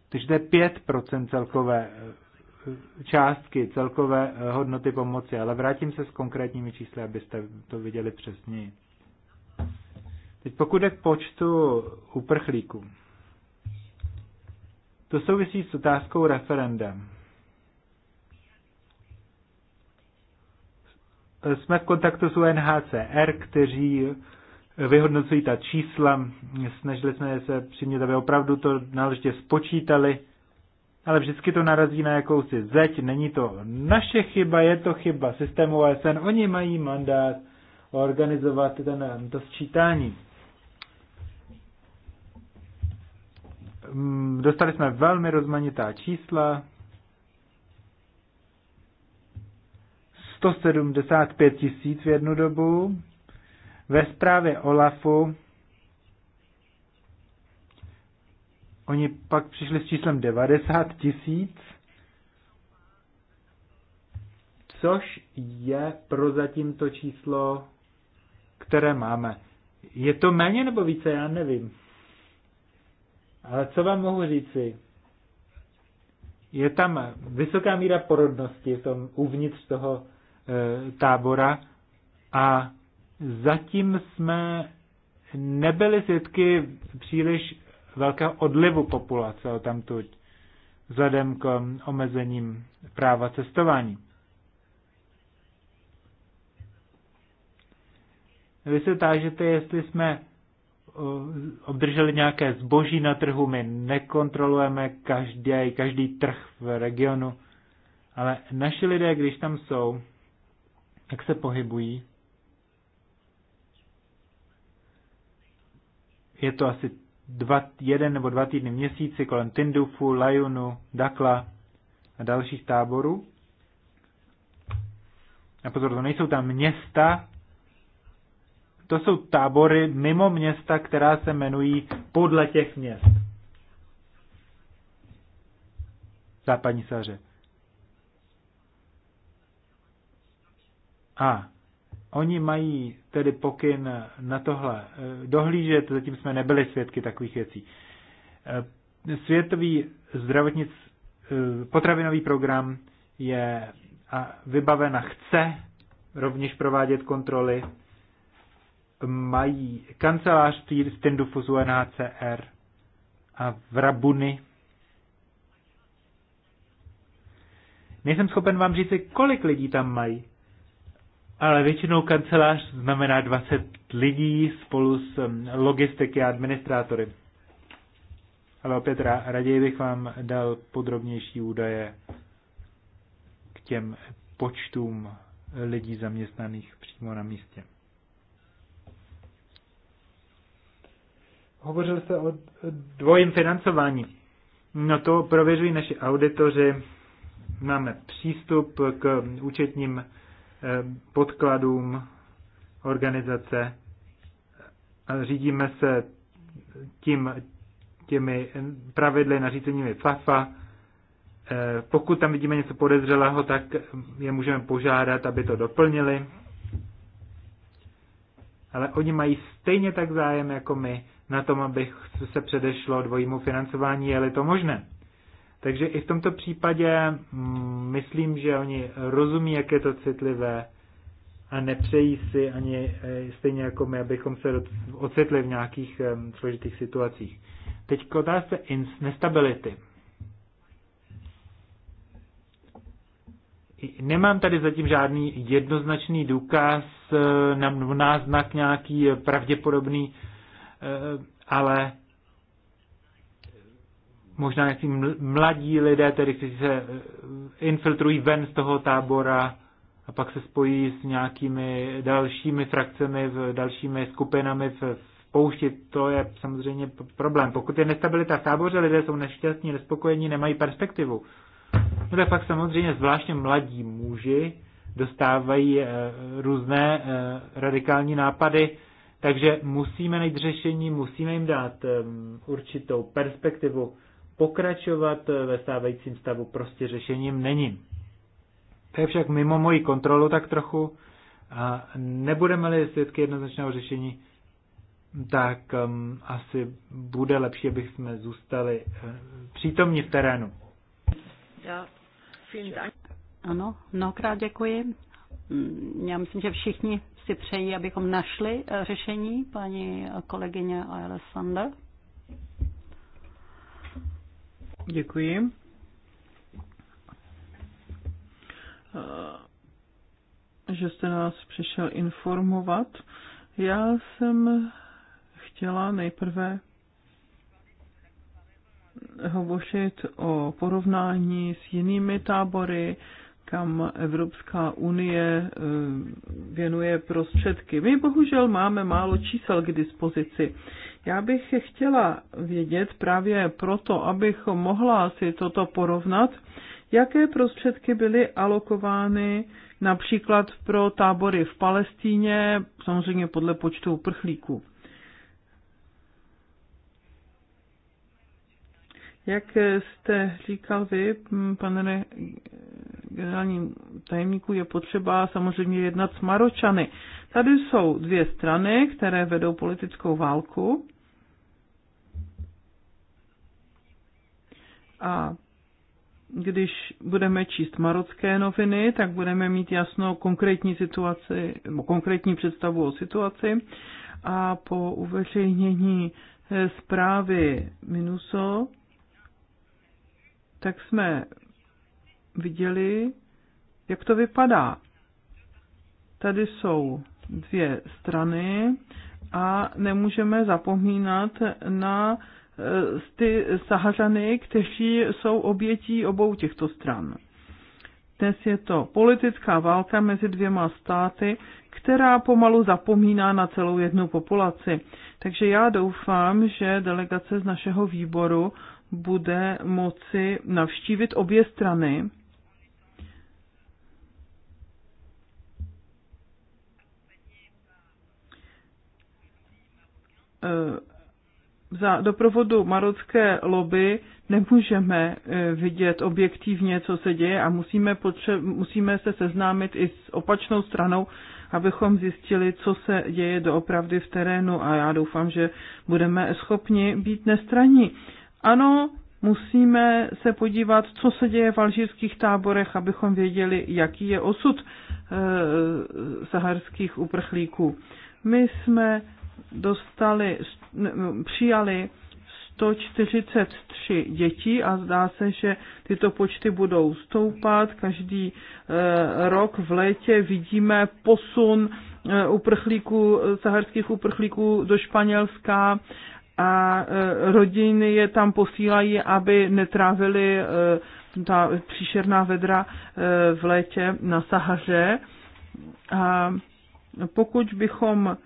B: Takže to je 5% celkové eh, částky, celkové eh, hodnoty pomoci, ale vrátím se s konkrétními čísly, abyste to viděli přesněji. Teď pokud je k počtu uprchlíků, to souvisí s otázkou referendem. Jsme v kontaktu s UNHCR, kteří vyhodnocují ta čísla. Snažili jsme se přimět, aby opravdu to náležitě spočítali, ale vždycky to narazí na jakousi zeď. Není to naše chyba, je to chyba systému OSN. Oni mají mandát organizovat ten, to sčítání. Mm, dostali jsme velmi rozmanitá čísla. 175 tisíc v jednu dobu. Ve zprávě OLAFu oni pak přišli s číslem 90 tisíc, což je prozatím to číslo, které máme. Je to méně nebo více, já nevím. Ale co vám mohu říci? Je tam vysoká míra porodnosti v tom uvnitř toho e, tábora a zatím jsme nebyli svědky příliš velkého odlivu populace tamtud vzhledem k omezením práva cestování. Vy se tážete, jestli jsme Eh, obdrželi nějaké zboží na trhu, my nekontrolujeme každý, každý trh v regionu, ale naši lidé, když tam jsou, jak se pohybují, je to asi dva, jeden nebo dva týdny měsíci kolem Tindufu, Lajunu, Dakla a dalších táborů. A pozor, to nejsou tam města, to jsou tábory mimo města, která se jmenují podle těch měst. Západní Saře. A oni mají tedy pokyn na tohle eh, dohlížet, zatím jsme nebyli svědky takových věcí. Eh, Světový zdravotnic, eh, potravinový program je vybaven a chce rovněž provádět kontroly mají kancelář z Tindufuzu NHCR a v Rabuny. Nejsem schopen vám říct, kolik lidí tam mají, ale většinou kancelář znamená 20 lidí spolu s um, logistiky a administrátory. Ale opět raději bych vám dal podrobnější údaje k těm počtům lidí zaměstnaných přímo na místě. Hovořil jste o dvojím financování. No to prověřují naši auditoři. Máme přístup k účetním eh, podkladům organizace. Řídíme se tím, těmi pravidly nařízeními FAFA. Eh, pokud tam vidíme něco podezřelého, tak je můžeme požádat, aby to doplnili. Ale oni mají stejně tak zájem jako my na tom, abych se předešlo dvojímu financování, je-li to možné. Takže i v tomto případě mm, myslím, že oni rozumí, jak je to citlivé a nepřejí si ani eh, stejně jako my, abychom se ocitli v nějakých eh, složitých situacích. Teď k otázce nestability. Nemám tady zatím žádný jednoznačný důkaz eh, náznak nějaký pravděpodobný Eh, ale možná jak mladí lidé, tedy kteří se eh, infiltrují ven z toho tábora a pak se spojí s nějakými dalšími frakcemi, s dalšími skupinami v, v poušti, to je samozřejmě problém. Pokud je nestabilita v táboře, lidé jsou nešťastní, nespokojení, nemají perspektivu. No tak pak samozřejmě zvláště mladí muži dostávají eh, různé radikální nápady, takže musíme najít řešení, musíme jim dát určitou perspektivu. Pokračovat eh, ve stávajícím stavu prostě řešením není. To je však mimo moji kontrolu tak trochu. A nebudeme-li svědky jednoznačného řešení, tak um, asi bude lepší, abych jsme zůstali uh, přítomní v terénu.
A: Já, ano, mnohokrát děkuji. Mm, já myslím, že všichni si přejí, abychom našli eh, řešení, paní kolegyně Alessandra. Děkuji.
E: Eh, že jste nás přišel informovat. Já jsem chtěla nejprve hovořit o porovnání s jinými tábory, kam Evropská unie eh, věnuje prostředky. My bohužel máme málo čísel k dispozici. Já bych chtěla vědět právě proto, abych mohla si toto porovnat, jaké prostředky byly alokovány například pro tábory v Palestíně, samozřejmě podle počtu uprchlíků. Jak jste říkal vy, pane generálním tajemníku je potřeba samozřejmě jednat s Maročany. Tady jsou dvě strany, které vedou politickou válku. A když budeme číst marocké noviny, tak budeme mít jasnou konkrétní situaci, konkrétní představu o situaci. A po uveřejnění eh, zprávy Minuso, tak jsme viděli, jak to vypadá. Tady jsou dvě strany a nemůžeme zapomínat na eh, ty Sahařany, kteří jsou obětí obou těchto stran. Dnes je to politická válka mezi dvěma státy, která pomalu zapomíná na celou jednu populaci. Takže já doufám, že delegace z našeho výboru bude moci navštívit obě strany Eh, za doprovodu marocké lobby nemůžeme eh, vidět objektivně, co se děje a musíme, potře- musíme se seznámit i s opačnou stranou, abychom zjistili, co se děje doopravdy v terénu a já doufám, že budeme schopni být nestraní. Ano, musíme se podívat, co se děje v alžírských táborech, abychom věděli, jaký je osud e, saharských uprchlíků. My jsme dostali, přijali 143 dětí a zdá se, že tyto počty budou stoupat. Každý eh, rok v létě vidíme posun eh, uprchlíků, saharských uprchlíků do Španělska a eh, rodiny je tam posílají, aby netrávili ta příšerná vedra v létě na Sahaře. A pokud bychom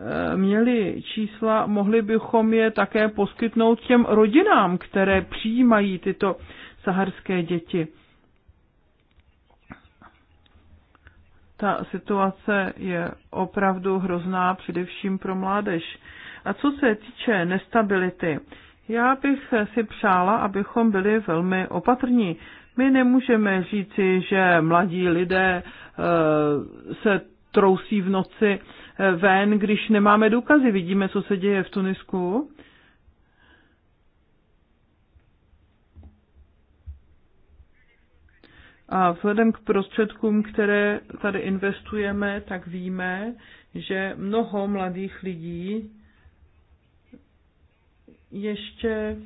E: Eh, měli čísla, mohli bychom je také poskytnout těm rodinám, které přijímají tyto saharské děti. Ta situace je opravdu hrozná, především pro mládež. A co se týče nestability, já bych si přála, abychom byli velmi opatrní. My nemůžeme říci, že mladí lidé eh, se trousí v noci ven, když nemáme důkazy. Vidíme, co se děje v Tunisku. A vzhledem k prostředkům, které tady investujeme, tak víme, že mnoho mladých lidí ještě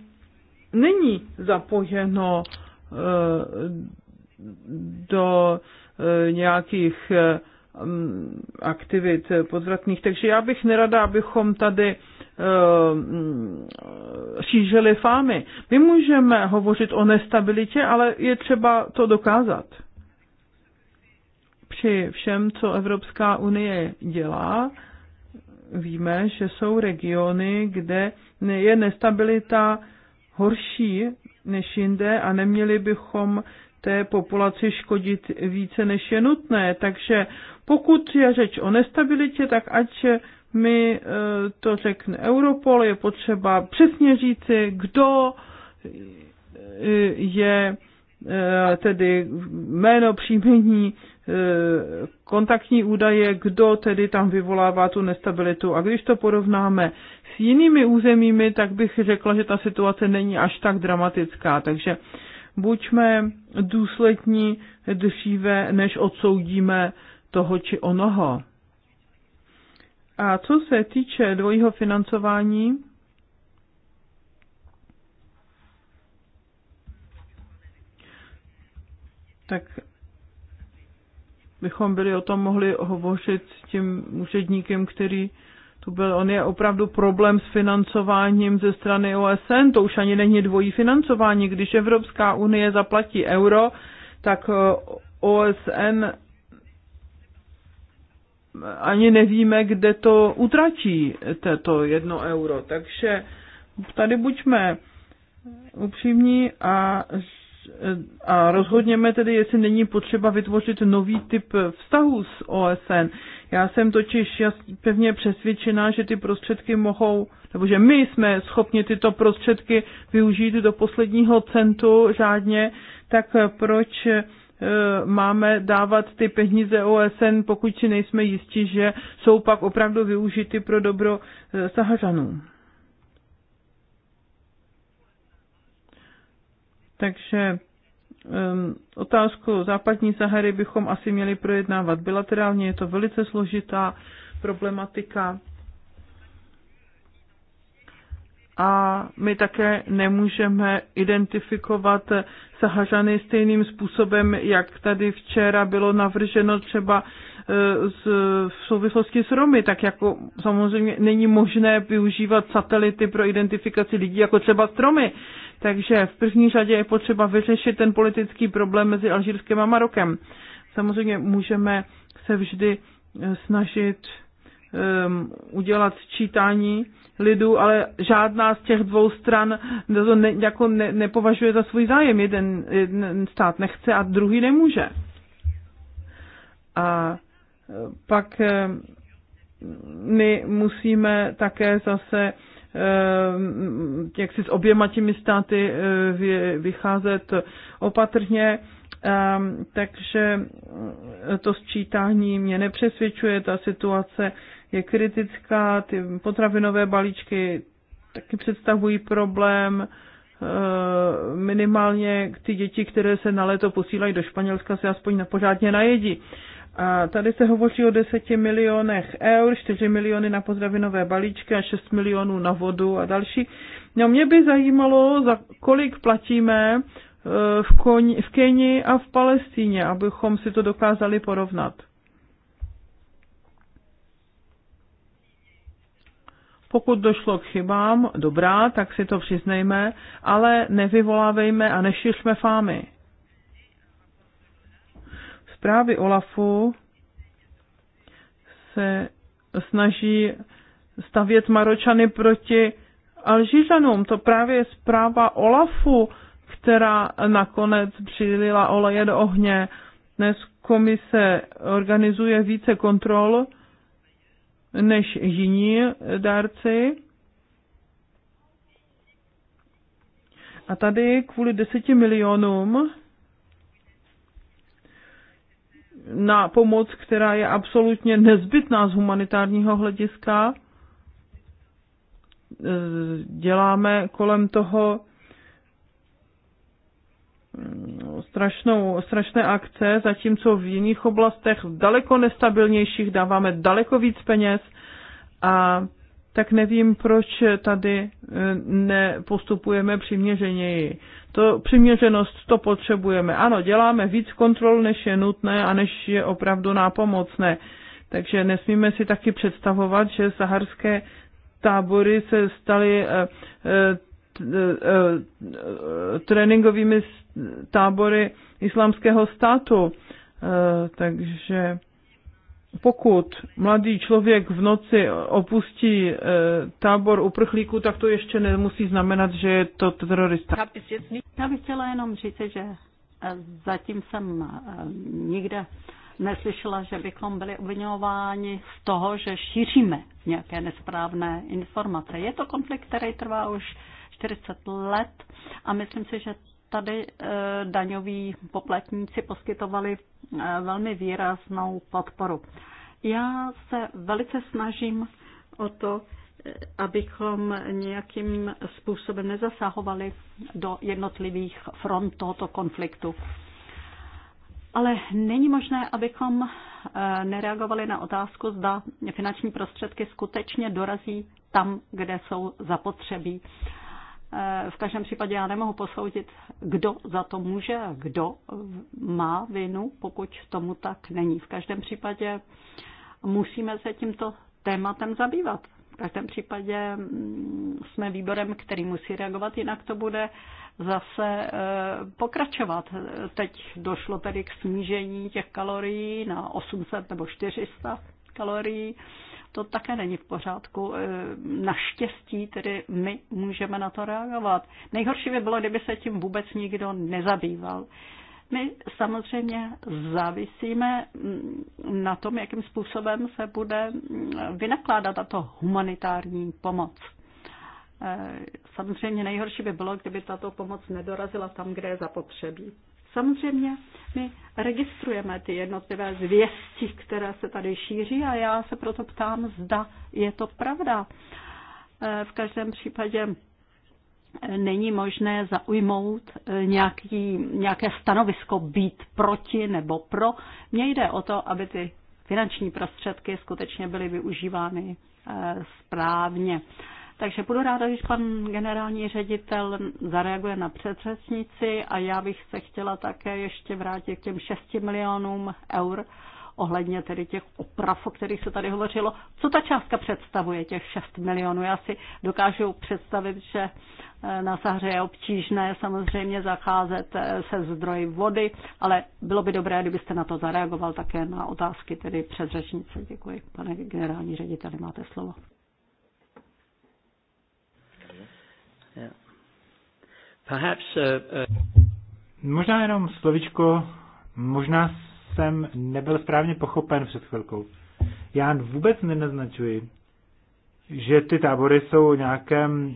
E: není zapojeno eh, do eh, nějakých eh, Um, aktivit podvratných. Takže já bych nerada, abychom tady eh, šířili fámy. My můžeme hovořit o nestabilitě, ale je třeba to dokázat. Při všem, co Evropská unie dělá, víme, že jsou regiony, kde je nestabilita horší než jinde a neměli bychom té populaci škodit více než je nutné. Takže pokud je řeč o nestabilitě, tak ať mi e, to řekne Europol, je potřeba přesně říci, kdo e, je e, tedy jméno, příjmení, kontaktní údaje, kdo tedy tam vyvolává tu nestabilitu. A když to porovnáme s jinými územími, tak bych řekla, že ta situace není až tak dramatická. Takže buďme důslední dříve, než odsoudíme toho či onoho. A co se týče dvojího financování, tak bychom byli o tom mohli hovořit s tím úředníkem, který to byl, on je opravdu problém s financováním ze strany OSN, to už ani není dvojí financování, když Evropská unie zaplatí euro, tak eh, OSN ani nevíme, kde to utratí, to jedno euro. Takže tady buďme upřímní a, a rozhodněme tedy, jestli není potřeba vytvořit nový typ vztahu s OSN. Já jsem totiž pevně přesvědčená, že ty prostředky mohou, nebo že my jsme schopni tyto prostředky využít do posledního centu řádně, tak proč eh, máme dávat ty peníze OSN, pokud si nejsme jistí, že jsou pak opravdu využity pro dobro eh, Sahařanů. Takže Ehm, otázku západní Sahary bychom asi měli projednávat bilaterálně, je to velice složitá problematika. A my také nemůžeme identifikovat Sahařany stejným způsobem, jak tady včera bylo navrženo třeba e, z, v souvislosti s Romy, tak jako samozřejmě není možné využívat satelity pro identifikaci lidí, jako třeba stromy. Takže v první řadě je potřeba vyřešit ten politický problém mezi Alžírskem a Marokem. Samozřejmě můžeme se vždy eh, snažit um, udělat sčítání lidu, ale žádná z těch dvou stran to ne, jako ne, nepovažuje za svůj zájem. Jeden, jeden stát nechce a druhý nemůže. A eh, pak eh, my musíme také zase Eh, jak si s oběma těmi státy eh, vycházet opatrně, ehm, takže eh, to sčítání mě nepřesvědčuje, ta situace je kritická, ty potravinové balíčky taky představují problém, minimálně ty děti, které se na léto posílají do Španělska, se aspoň pořádně najedí. A tady se hovoří o 10 milionech eur, 4 miliony na pozdravinové balíčky a 6 milionů na vodu a další. No mě by zajímalo, za kolik platíme e, v, v Keni a v Palestíně, abychom si to dokázali porovnat. Pokud došlo k chybám, dobrá, tak si to přiznejme, ale nevyvolávejme a nešiřme fámy. Zprávy OLAFu se snaží stavět Maročany proti Alžířanům. To právě je zpráva OLAFu, která nakonec přilila oleje do ohně. Dnes komise organizuje více kontrol než jiní dárci. A tady kvůli deseti milionům na pomoc, která je absolutně nezbytná z humanitárního hlediska. E, děláme kolem toho mm, strašnou, strašné akce, zatímco v jiných oblastech daleko nestabilnějších dáváme daleko víc peněz a tak nevím, proč tady e, nepostupujeme přiměřeněji. To přiměřenost to potřebujeme. Ano, děláme víc kontrol, než je nutné a než je opravdu nápomocné. Takže nesmíme si taky představovat, že saharské tábory se staly e, e, tréninkovými tábory islámského státu. Takže pokud mladý člověk v noci opustí e, tábor uprchlíků, tak to ještě nemusí znamenat, že je to terorista.
A: Já bych chtěla jenom říct, že e, zatím jsem e, nikde neslyšela, že bychom byli obvinováni z toho, že šíříme nějaké nesprávné informace. Je to konflikt, který trvá už 40 let a myslím si, že tady eh, daňoví poplatníci poskytovali eh, velmi výraznou podporu. Já se velice snažím o to, eh, abychom nějakým způsobem nezasahovali do jednotlivých front tohoto konfliktu. Ale není možné, abychom nereagovali na otázku, zda finanční prostředky skutečně dorazí tam, kde jsou zapotřebí. V každém případě já nemohu posoudit, kdo za to může a kdo má vinu, pokud tomu tak není. V každém případě musíme se tímto tématem zabývat. V každém případě mm, jsme výborem, který musí reagovat, jinak to bude zase e, pokračovat. Teď došlo tedy k snížení těch kalorií na 800 nebo 400 kalorií to také není v pořádku. E, naštěstí tedy my můžeme na to reagovat. Nejhorší by bylo, kdyby se tím vůbec nikdo nezabýval. My samozřejmě závisíme mm, na tom, jakým způsobem se bude mm, vynakládat tato humanitární pomoc. E, samozřejmě nejhorší by bylo, kdyby tato pomoc nedorazila tam, kde je zapotřebí. Samozřejmě my registrujeme ty jednotlivé zvěsti, které se tady šíří a já se proto ptám, zda je to pravda. E, v každém případě e, není možné zaujmout e, nějaký, nějaké stanovisko být proti nebo pro. Mně jde o to, aby ty finanční prostředky skutečně byly využívány správně. Takže budu ráda, když pan generální ředitel zareaguje na předřečnici a já bych se chtěla také ještě vrátit k těm 6 milionům eur ohledně tedy těch oprav, o kterých se tady hovořilo. Co ta částka představuje, těch 6 milionů? Já si dokážu představit, že eh, na Sahře je obtížné samozřejmě zacházet eh, se zdroji vody, ale bylo by dobré, kdybyste na to zareagoval také na otázky tedy předřečnice. Děkuji, pane generální řediteli, máte slovo.
C: Perhaps, uh, uh...
B: Možná jenom slovičko, možná jsem nebyl správně pochopen před chvilkou. Já vůbec nenaznačuji, že ty tábory jsou nějakém,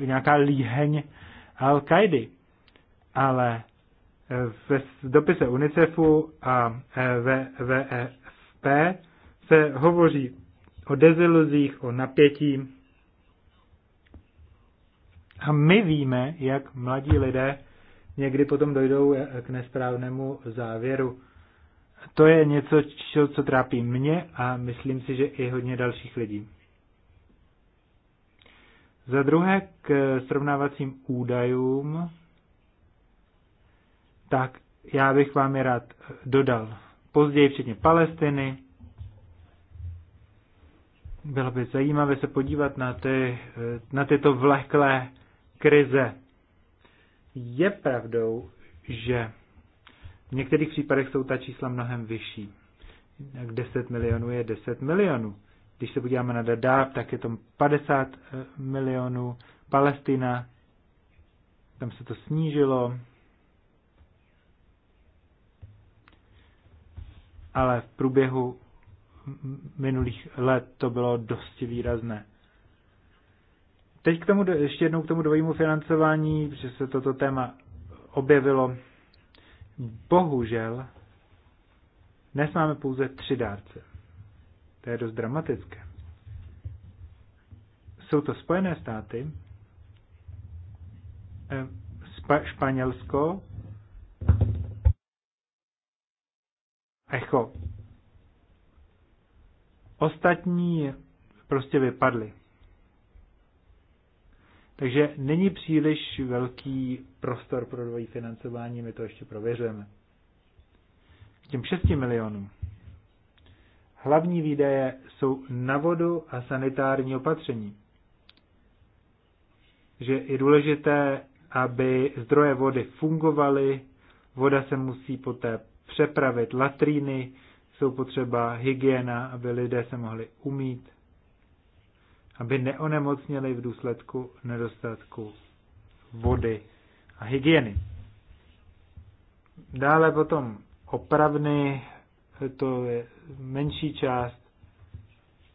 B: uh, nějaká líheň Al-Kaidi, ale eh, v dopise UNICEFu a VFP e se hovoří o deziluzích, o napětí a my víme, jak mladí lidé někdy potom dojdou eh, k nesprávnému závěru. To je něco, čo, co trápí mě a myslím si, že i hodně dalších lidí. Za druhé k srovnávacím údajům, tak já bych vám je rád eh, dodal. Později včetně Palestiny. Bylo by zajímavé se podívat na, ty, eh, na tyto vleklé krize. Je pravdou, že v některých případech jsou ta čísla mnohem vyšší. 10 milionů je 10 milionů. Když se podíváme na Dadaab, tak je tam 50 eh, milionů. Palestina, tam se to snížilo. Ale v průběhu minulých let to bylo dosti výrazné. Teď k tomu, ještě jednou k tomu dvojímu financování, že se toto téma objevilo. Bohužel, dnes máme pouze tři dárce. To je dost dramatické. Jsou to Spojené státy, eh, Spa- Španělsko, Echo. Ostatní prostě vypadly. Takže není příliš velký prostor pro dvojí financování, my to ještě prověřujeme. K těm 6 milionům. Hlavní výdaje jsou na vodu a sanitární opatření. Že je důležité, aby zdroje vody fungovaly, voda se musí poté přepravit, latríny jsou potřeba, hygiena, aby lidé se mohli umít aby neonemocněli v důsledku nedostatku vody a hygieny. Dále potom opravny, to je menší část.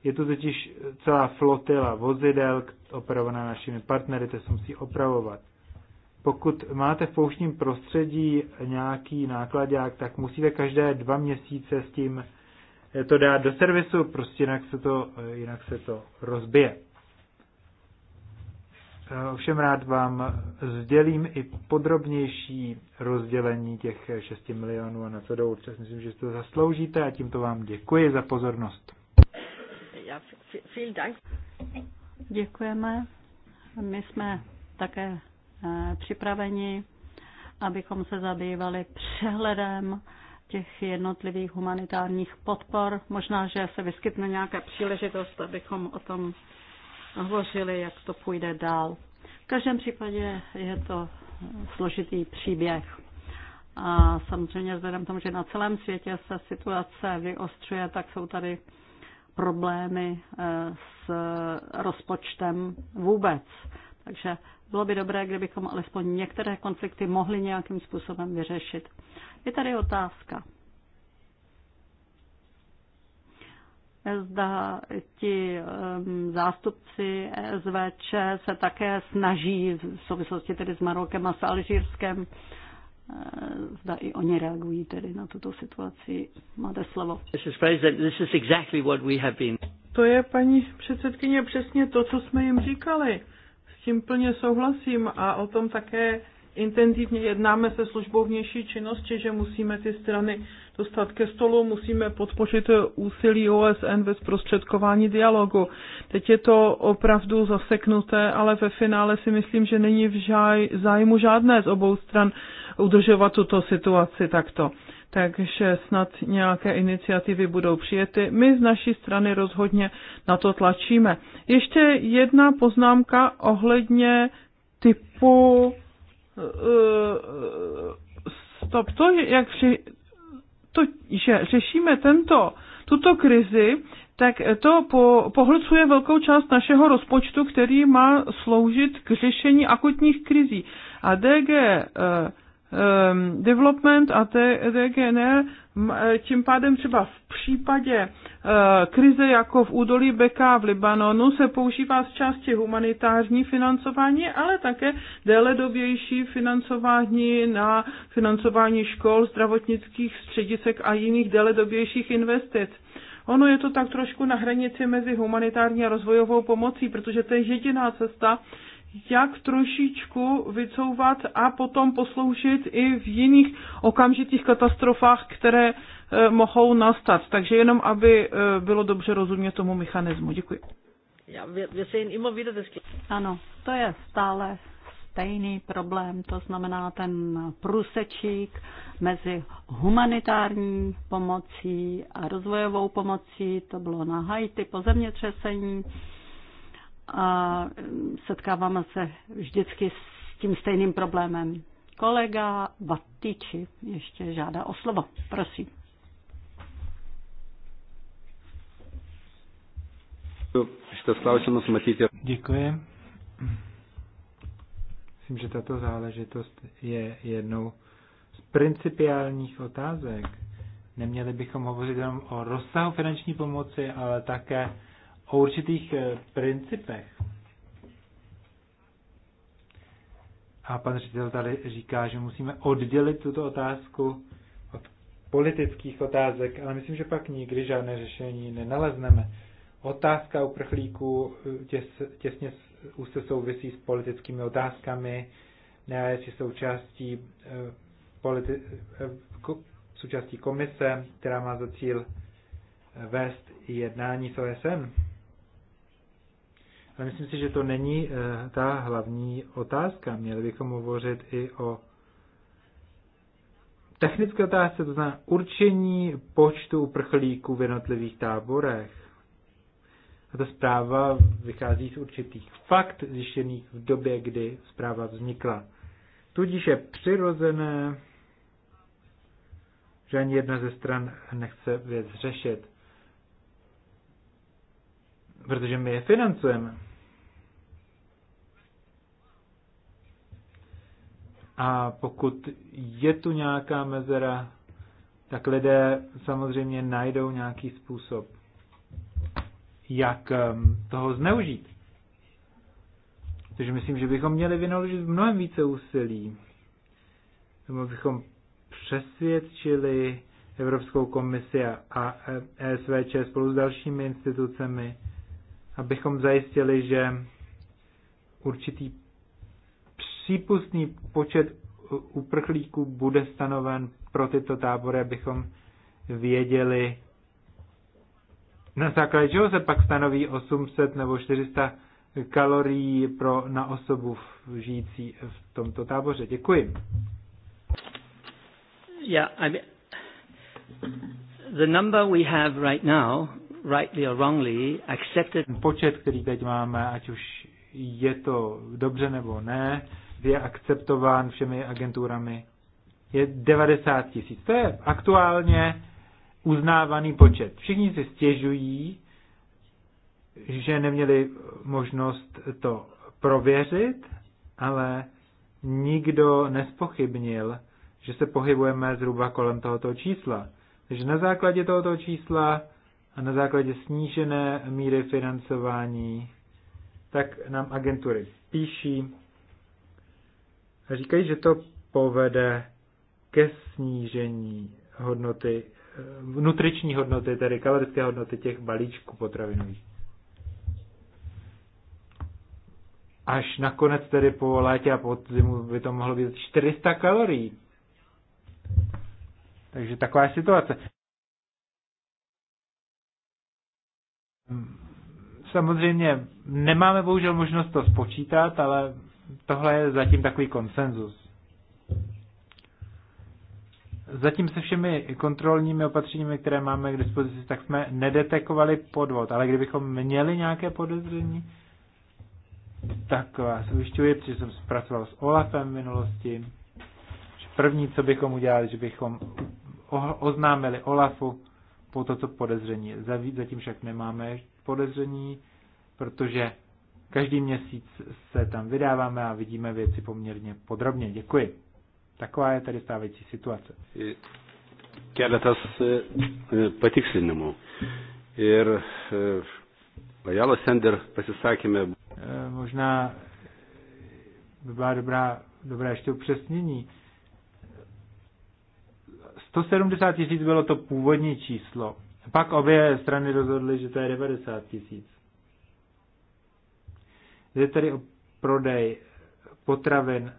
B: Je tu totiž celá flotila vozidel opravovaná našimi partnery, to se musí opravovat. Pokud máte v pouštním prostředí nějaký nákladák, tak musíte každé dva měsíce s tím to dát do servisu, prostě jinak se to, eh, jinak se to rozbije. Eh, ovšem rád vám sdělím i podrobnější rozdělení těch 6 milionů a na co jdou. Myslím, že si to zasloužíte a tímto vám děkuji za pozornost.
A: Děkujeme. My jsme také eh, připraveni, abychom se zabývali přehledem těch jednotlivých humanitárních podpor. Možná, že se vyskytne nějaká příležitost, abychom o tom hovořili, jak to půjde dál. V každém případě je to složitý příběh. A samozřejmě vzhledem tomu, že na celém světě se situace vyostřuje, tak jsou tady problémy eh, s rozpočtem vůbec. Takže bylo by dobré, kdybychom alespoň některé konflikty mohli nějakým způsobem vyřešit. Je tady otázka. Zda ti um, zástupci SVČ se také snaží v souvislosti tedy s Marokem a s Alžírskem, eh, zda i oni reagují tedy na tuto situaci. Máte slovo.
E: To je, paní předsedkyně, přesně to, co jsme jim říkali. S tím plně souhlasím a o tom také intenzivně jednáme se službou vnější činnosti, že musíme ty strany dostat ke stolu, musíme podpořit úsilí OSN ve zprostředkování dialogu. Teď je to opravdu zaseknuté, ale ve finále si myslím, že není v žaj, zájmu žádné z obou stran udržovat tuto situaci takto. Takže snad nějaké iniciativy budou přijety. My z naší strany rozhodně na to tlačíme. Ještě jedna poznámka ohledně typu
F: Eh,
E: stop. To, jak při, to, že řešíme tento, tuto krizi, tak to po, pohlcuje velkou část našeho rozpočtu, který má sloužit k řešení akutních krizí. A DG um, eh, eh, development a DGNR, e, tím pádem třeba v případě Eh, krize jako v údolí Beka v Libanonu se používá z části humanitární financování, ale také déledobější financování na financování škol, zdravotnických středisek a jiných déledobějších investic. Ono je to tak trošku na hranici mezi humanitární a rozvojovou pomocí, protože to je jediná cesta, jak trošičku vycouvat a potom posloužit i v jiných okamžitých katastrofách, které Eh, mohou nastat. Takže jenom, aby eh, bylo dobře rozumět tomu mechanismu. Děkuji.
A: Ano, to je stále stejný problém, to znamená ten průsečík mezi humanitární pomocí a rozvojovou pomocí, to bylo na Haiti po zemětřesení a mm, setkáváme se vždycky s tím stejným problémem. Kolega Vatiči ještě žádá o slovo, prosím.
B: Šitas klausimas matyti. Děkuji. Myslím, že tato záležitost je jednou z principiálních otázek. Neměli bychom hovořit jenom o rozsahu finanční pomoci, ale také o určitých eh, principech. A pan ředitel tady říká, že musíme oddělit tuto otázku od politických otázek, ale myslím, že pak nikdy žádné řešení nenalezneme. Otázka uprchlíků eh, těs, těsně úzce souvisí s politickými otázkami, ne, je součástí, eh, politi, eh, součástí komise, která má za cíl vést jednání s OSN. Ale myslím si, že to není ta hlavní otázka. Měli bychom hovořit i o technické otázce, to znamená určení počtu uprchlíků v jednotlivých táborech. A ta zpráva vychází z určitých fakt zjištěných v době, kdy zpráva vznikla. Tudíž je přirozené, že ani jedna ze stran nechce věc řešit, protože my je financujeme. A pokud je tu nějaká mezera, tak lidé samozřejmě najdou nějaký způsob jak toho zneužít. Takže myslím, že bychom měli vynaložit mnohem více úsilí, abychom přesvědčili Evropskou komisi a ESVČ spolu s dalšími institucemi, abychom zajistili, že určitý přípustný počet uprchlíků bude stanoven pro tyto tábory, abychom věděli, na základě čeho se pak stanoví 800 nebo 400 kalorií pro, na osobu žijící v tomto táboře. Děkuji. Yeah, I mean, the number we have right now, rightly or wrongly, accepted... Počet, který teď máme, ať už je to dobře nebo ne, je akceptován všemi agenturami, je 90 tisíc. To je aktuálně uznávaný počet. Všichni si stěžují, že neměli možnost to prověřit, ale nikdo nespochybnil, že se pohybujeme zhruba kolem tohoto čísla. Takže na základě tohoto čísla a na základě snížené míry financování, tak nám agentury píší a říkají, že to povede ke snížení hodnoty Eh, nutriční hodnoty, tedy kalorické hodnoty těch balíčků potravinových. Až nakonec tedy po létě a po zimu by to mohlo být 400 kalorií. Takže taková je situace. Samozřejmě nemáme bohužel možnost to spočítat, ale tohle je zatím takový konsenzus. Zatím se všemi kontrolními opatřeními, které máme k dispozici, tak jsme nedetekovali podvod, ale kdybychom měli nějaké podezření, tak vás ujišťuji, protože jsem zpracoval s Olafem v minulosti, první, co bychom udělali, že bychom oznámili Olafu po toto podezření. Zatím však nemáme podezření, protože každý měsíc se tam vydáváme a vidíme věci poměrně podrobně. Děkuji. Taková je tedy stávající situace. Keletas e, e, patikslinimų. Ir e, Jalo Sender pasisakėme. Možná by byla dobrá, dobrá ještě upřesnění. 170 tisíc bylo to původní číslo. Pak obě strany rozhodly, že to je 90 tisíc. Jde tedy o prodej potravin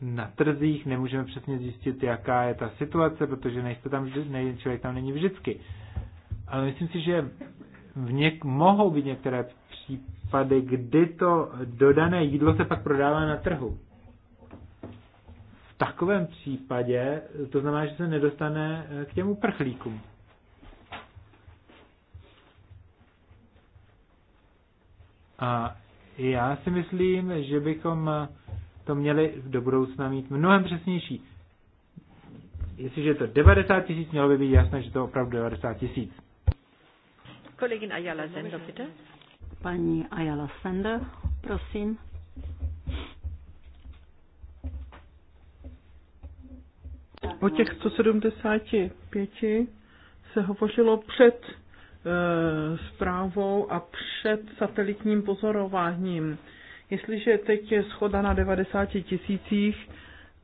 B: na trzích, nemůžeme přesně zjistit, jaká je ta situace, protože nejste tam, nej, člověk tam není vždycky. Ale myslím si, že v něk, mohou být některé případy, kdy to dodané jídlo se pak prodává na trhu. V takovém případě to znamená, že se nedostane eh, k těm uprchlíkům. A já si myslím, že bychom eh, to měli do budoucna mít mnohem přesnější. Jestliže je to 90 tisíc, mělo by být jasné, že to opravdu 90 tisíc.
A: Kolegin Ayala Sender, bitte. Paní Ayala Sender, prosím.
E: O těch 175 se hovořilo před e, zprávou a před satelitním pozorováním. E, Jestliže teď je schoda na 90 tisících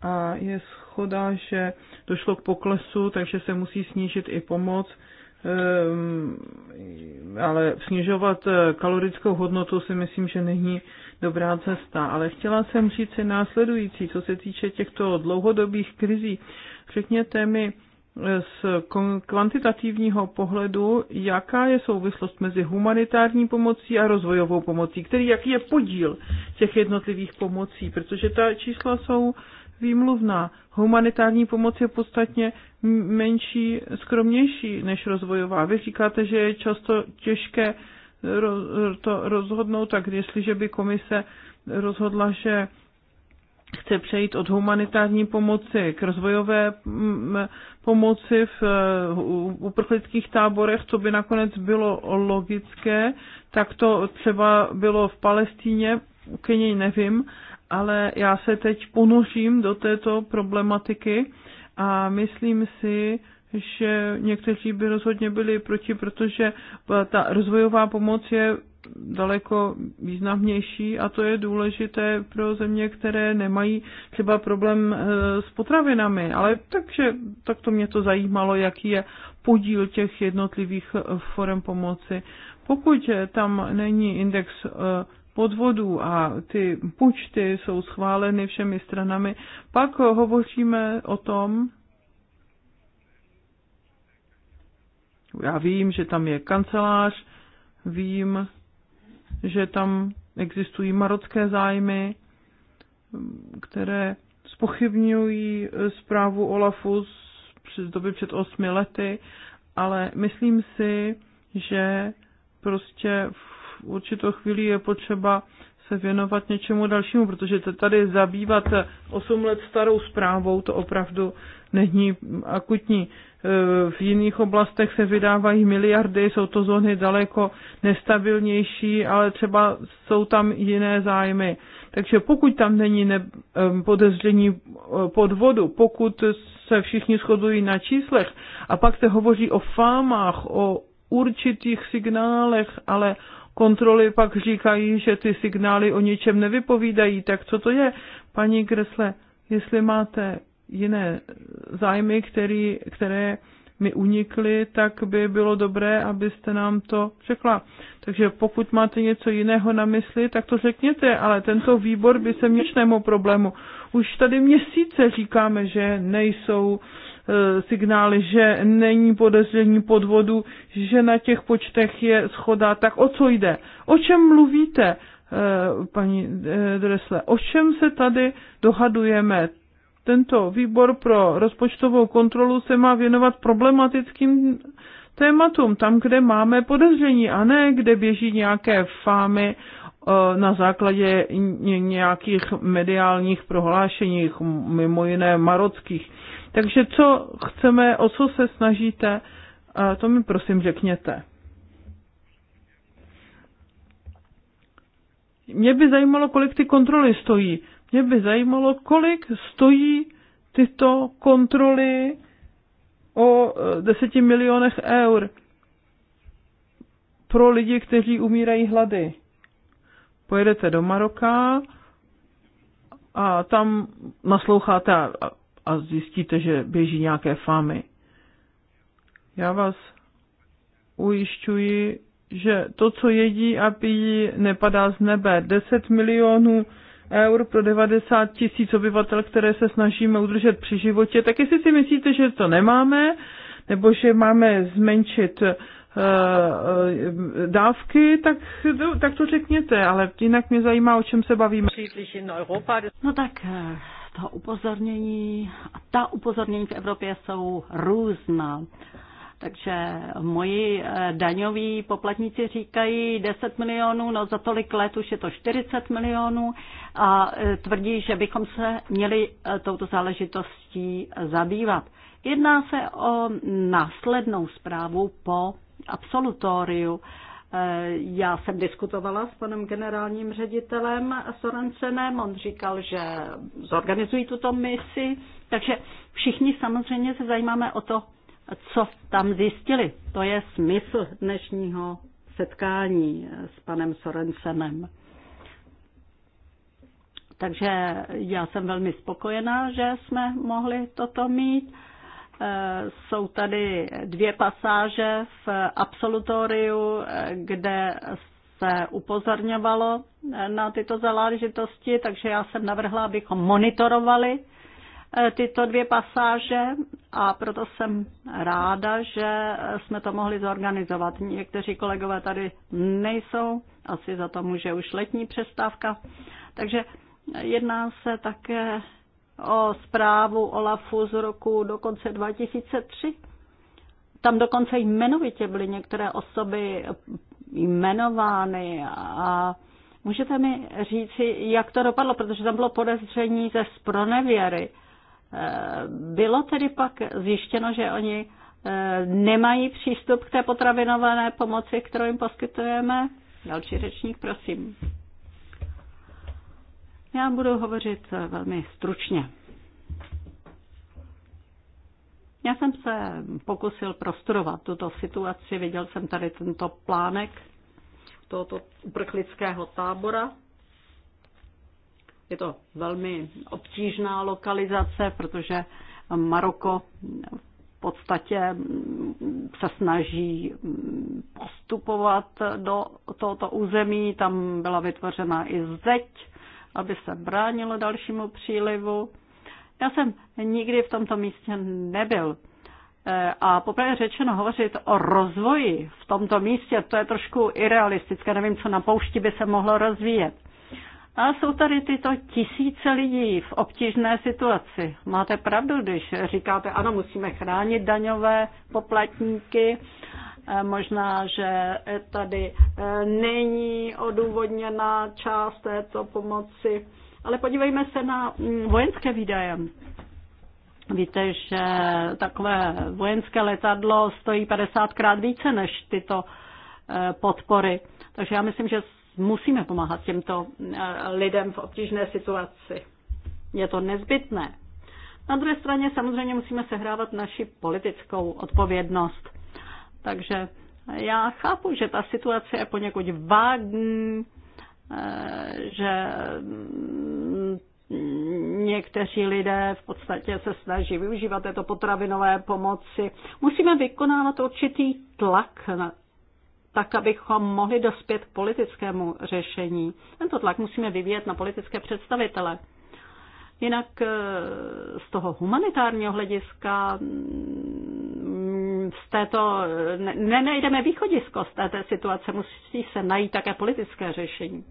E: a je schoda, že došlo k poklesu, takže se musí snížit i pomoc, ehm, ale snižovat eh, kalorickou hodnotu si myslím, že není dobrá cesta. Ale chtěla jsem říct si následující, co se týče těchto dlouhodobých krizí. Řekněte mi, z kvantitativního pohledu, jaká je souvislost mezi humanitární pomocí a rozvojovou pomocí, který jaký je podíl těch jednotlivých pomocí, protože ta čísla jsou výmluvná. Humanitární pomoc je podstatně menší, skromnější než rozvojová. Vy říkáte, že je často těžké to rozhodnout, tak jestliže by komise rozhodla, že chce přejít od humanitární pomoci k rozvojové mm, pomoci v eh, uprchlických táborech, co by nakonec bylo logické, tak to třeba bylo v Palestíně, k něj nevím, ale já se teď ponožím do této problematiky a myslím si, že někteří by rozhodně byli proti, protože ta rozvojová pomoc je daleko významnější a to je důležité pro země, které nemají třeba problém eh, s potravinami. Ale takže tak to mě to zajímalo, jaký je podíl těch jednotlivých eh, forem pomoci. Pokud eh, tam není index podvodů a ty počty jsou schváleny všemi stranami, pak hovoříme o tom, já vím, že tam je kancelář, vím, že tam existují marocké zájmy, které spochybňují zprávu OLAFu z doby před osmi lety, ale myslím si, že prostě v určitou chvíli je potřeba se věnovat něčemu dalšímu, protože tady zabývat 8 let starou zprávou, to opravdu není akutní. E, v jiných oblastech se vydávají miliardy, jsou to zóny daleko nestabilnější, ale třeba jsou tam jiné zájmy. Takže pokud tam není ne, podezření e, podvodu, pokud se všichni shodují na číslech a pak se hovoří o fámách, o určitých signálech, ale kontroly pak říkají, že ty signály o ničem nevypovídají. Tak co to je, paní Kresle, jestli máte jiné zájmy, který, které mi unikly, tak by bylo dobré, abyste nám to řekla. Takže pokud máte něco jiného na mysli, tak to řekněte, ale tento výbor by se měl problému. Už tady měsíce říkáme, že nejsou Eh, signály, že není podezření podvodu, že na těch počtech je schoda, tak o co jde? O čem mluvíte, eh, paní eh, Dresle? O čem se tady dohadujeme? Tento výbor pro rozpočtovou kontrolu se má věnovat problematickým tématům, tam, kde máme podezření, a ne kde běží nějaké fámy na základě nějakých mediálních prohlášeních, mimo jiné marockých. Takže co chceme, o co se snažíte, to mi prosím řekněte. Mě by zajímalo, kolik ty kontroly stojí. Mě by zajímalo, kolik stojí tyto kontroly o e, deseti milionech eur pro lidi, kteří umírají hlady. Pojedete do Maroka a tam nasloucháte a zjistíte, že běží nějaké fámy. Já vás ujišťuji, že to, co jedí a pijí, nepadá z nebe. 10 milionů eur pro 90 tisíc obyvatel, které se snažíme udržet při životě, tak jestli si myslíte, že to nemáme, nebo že máme zmenšit eh, eh, dávky, tak, tak to řekněte, ale jinak mě zajímá, o čem se bavíme.
A: No tak eh, toho upozornění a ta upozornění v Evropě jsou různá. Takže moji eh, daňoví poplatníci říkají 10 milionů, no za tolik let už je to 40 milionů a eh, tvrdí, že bychom se měli eh, touto záležitostí zabývat. Jedná se o mm, následnou zprávu po absolutoriu Eh, já jsem diskutovala s panem generálním ředitelem Sorensenem, on říkal, že zorganizují tuto misi, takže všichni samozřejmě se zajímáme o to, co tam zjistili. To je smysl dnešního setkání eh, s panem Sorensenem. Takže já jsem velmi spokojená, že jsme mohli toto mít. Eh, jsou tady dvě pasáže v absolutoriu, eh, kde se upozorňovalo eh, na tyto záležitosti, takže já jsem navrhla, abychom monitorovali tyto dvě pasáže a proto jsem ráda, že jsme to mohli zorganizovat. Někteří kolegové tady nejsou, asi za to může už letní přestávka. Takže jedná se také o zprávu OLAFu z roku dokonce 2003. Tam dokonce jmenovitě byly některé osoby jmenovány a můžete mi říci, jak to dopadlo, protože tam bylo podezření ze spronevěry. Eh, bylo tedy pak zjištěno, že oni eh, nemají přístup k té potravinové pomoci, kterou jim poskytujeme? Další řečník, prosím. Já budu hovořit eh, velmi stručně. Já jsem se pokusil prostudovat tuto situaci, viděl jsem tady tento plánek tohoto uprchlického tábora. Je to velmi obtížná lokalizace, protože Maroko v podstatě se snaží postupovat do tohoto území. Tam byla vytvořena i zeď aby se bránilo dalšímu přílivu. Já jsem nikdy v tomto místě nebyl. E, a poprvé řečeno hovořit o rozvoji v tomto místě, to je trošku irealistické, nevím, co na poušti by se mohlo rozvíjet. A jsou tady tyto tisíce lidí v obtížné situaci. Máte pravdu, když říkáte, ano, musíme chránit daňové poplatníky, Eh, možná, že eh, tady eh, není odůvodněná část této pomoci, ale podívejme se na mm, vojenské výdaje. Víte, že takové vojenské letadlo stojí 50krát více než tyto podpory. Takže já myslím, že musíme pomáhat těmto lidem v obtížné situaci. Je to nezbytné. Na druhé straně samozřejmě musíme sehrávat naši politickou odpovědnost. Takže já chápu, že ta situace je poněkud vágní, eh, že mm, někteří lidé v podstatě se snaží využívat této potravinové pomoci. Musíme vykonávat určitý tlak na tak, abychom mohli dospět k politickému řešení. Tento tlak musíme vyvíjet na politické představitele. Jinak eh, z toho humanitárního hlediska z této, ne, nejdeme východisko z této situace, musí se najít také politické řešení.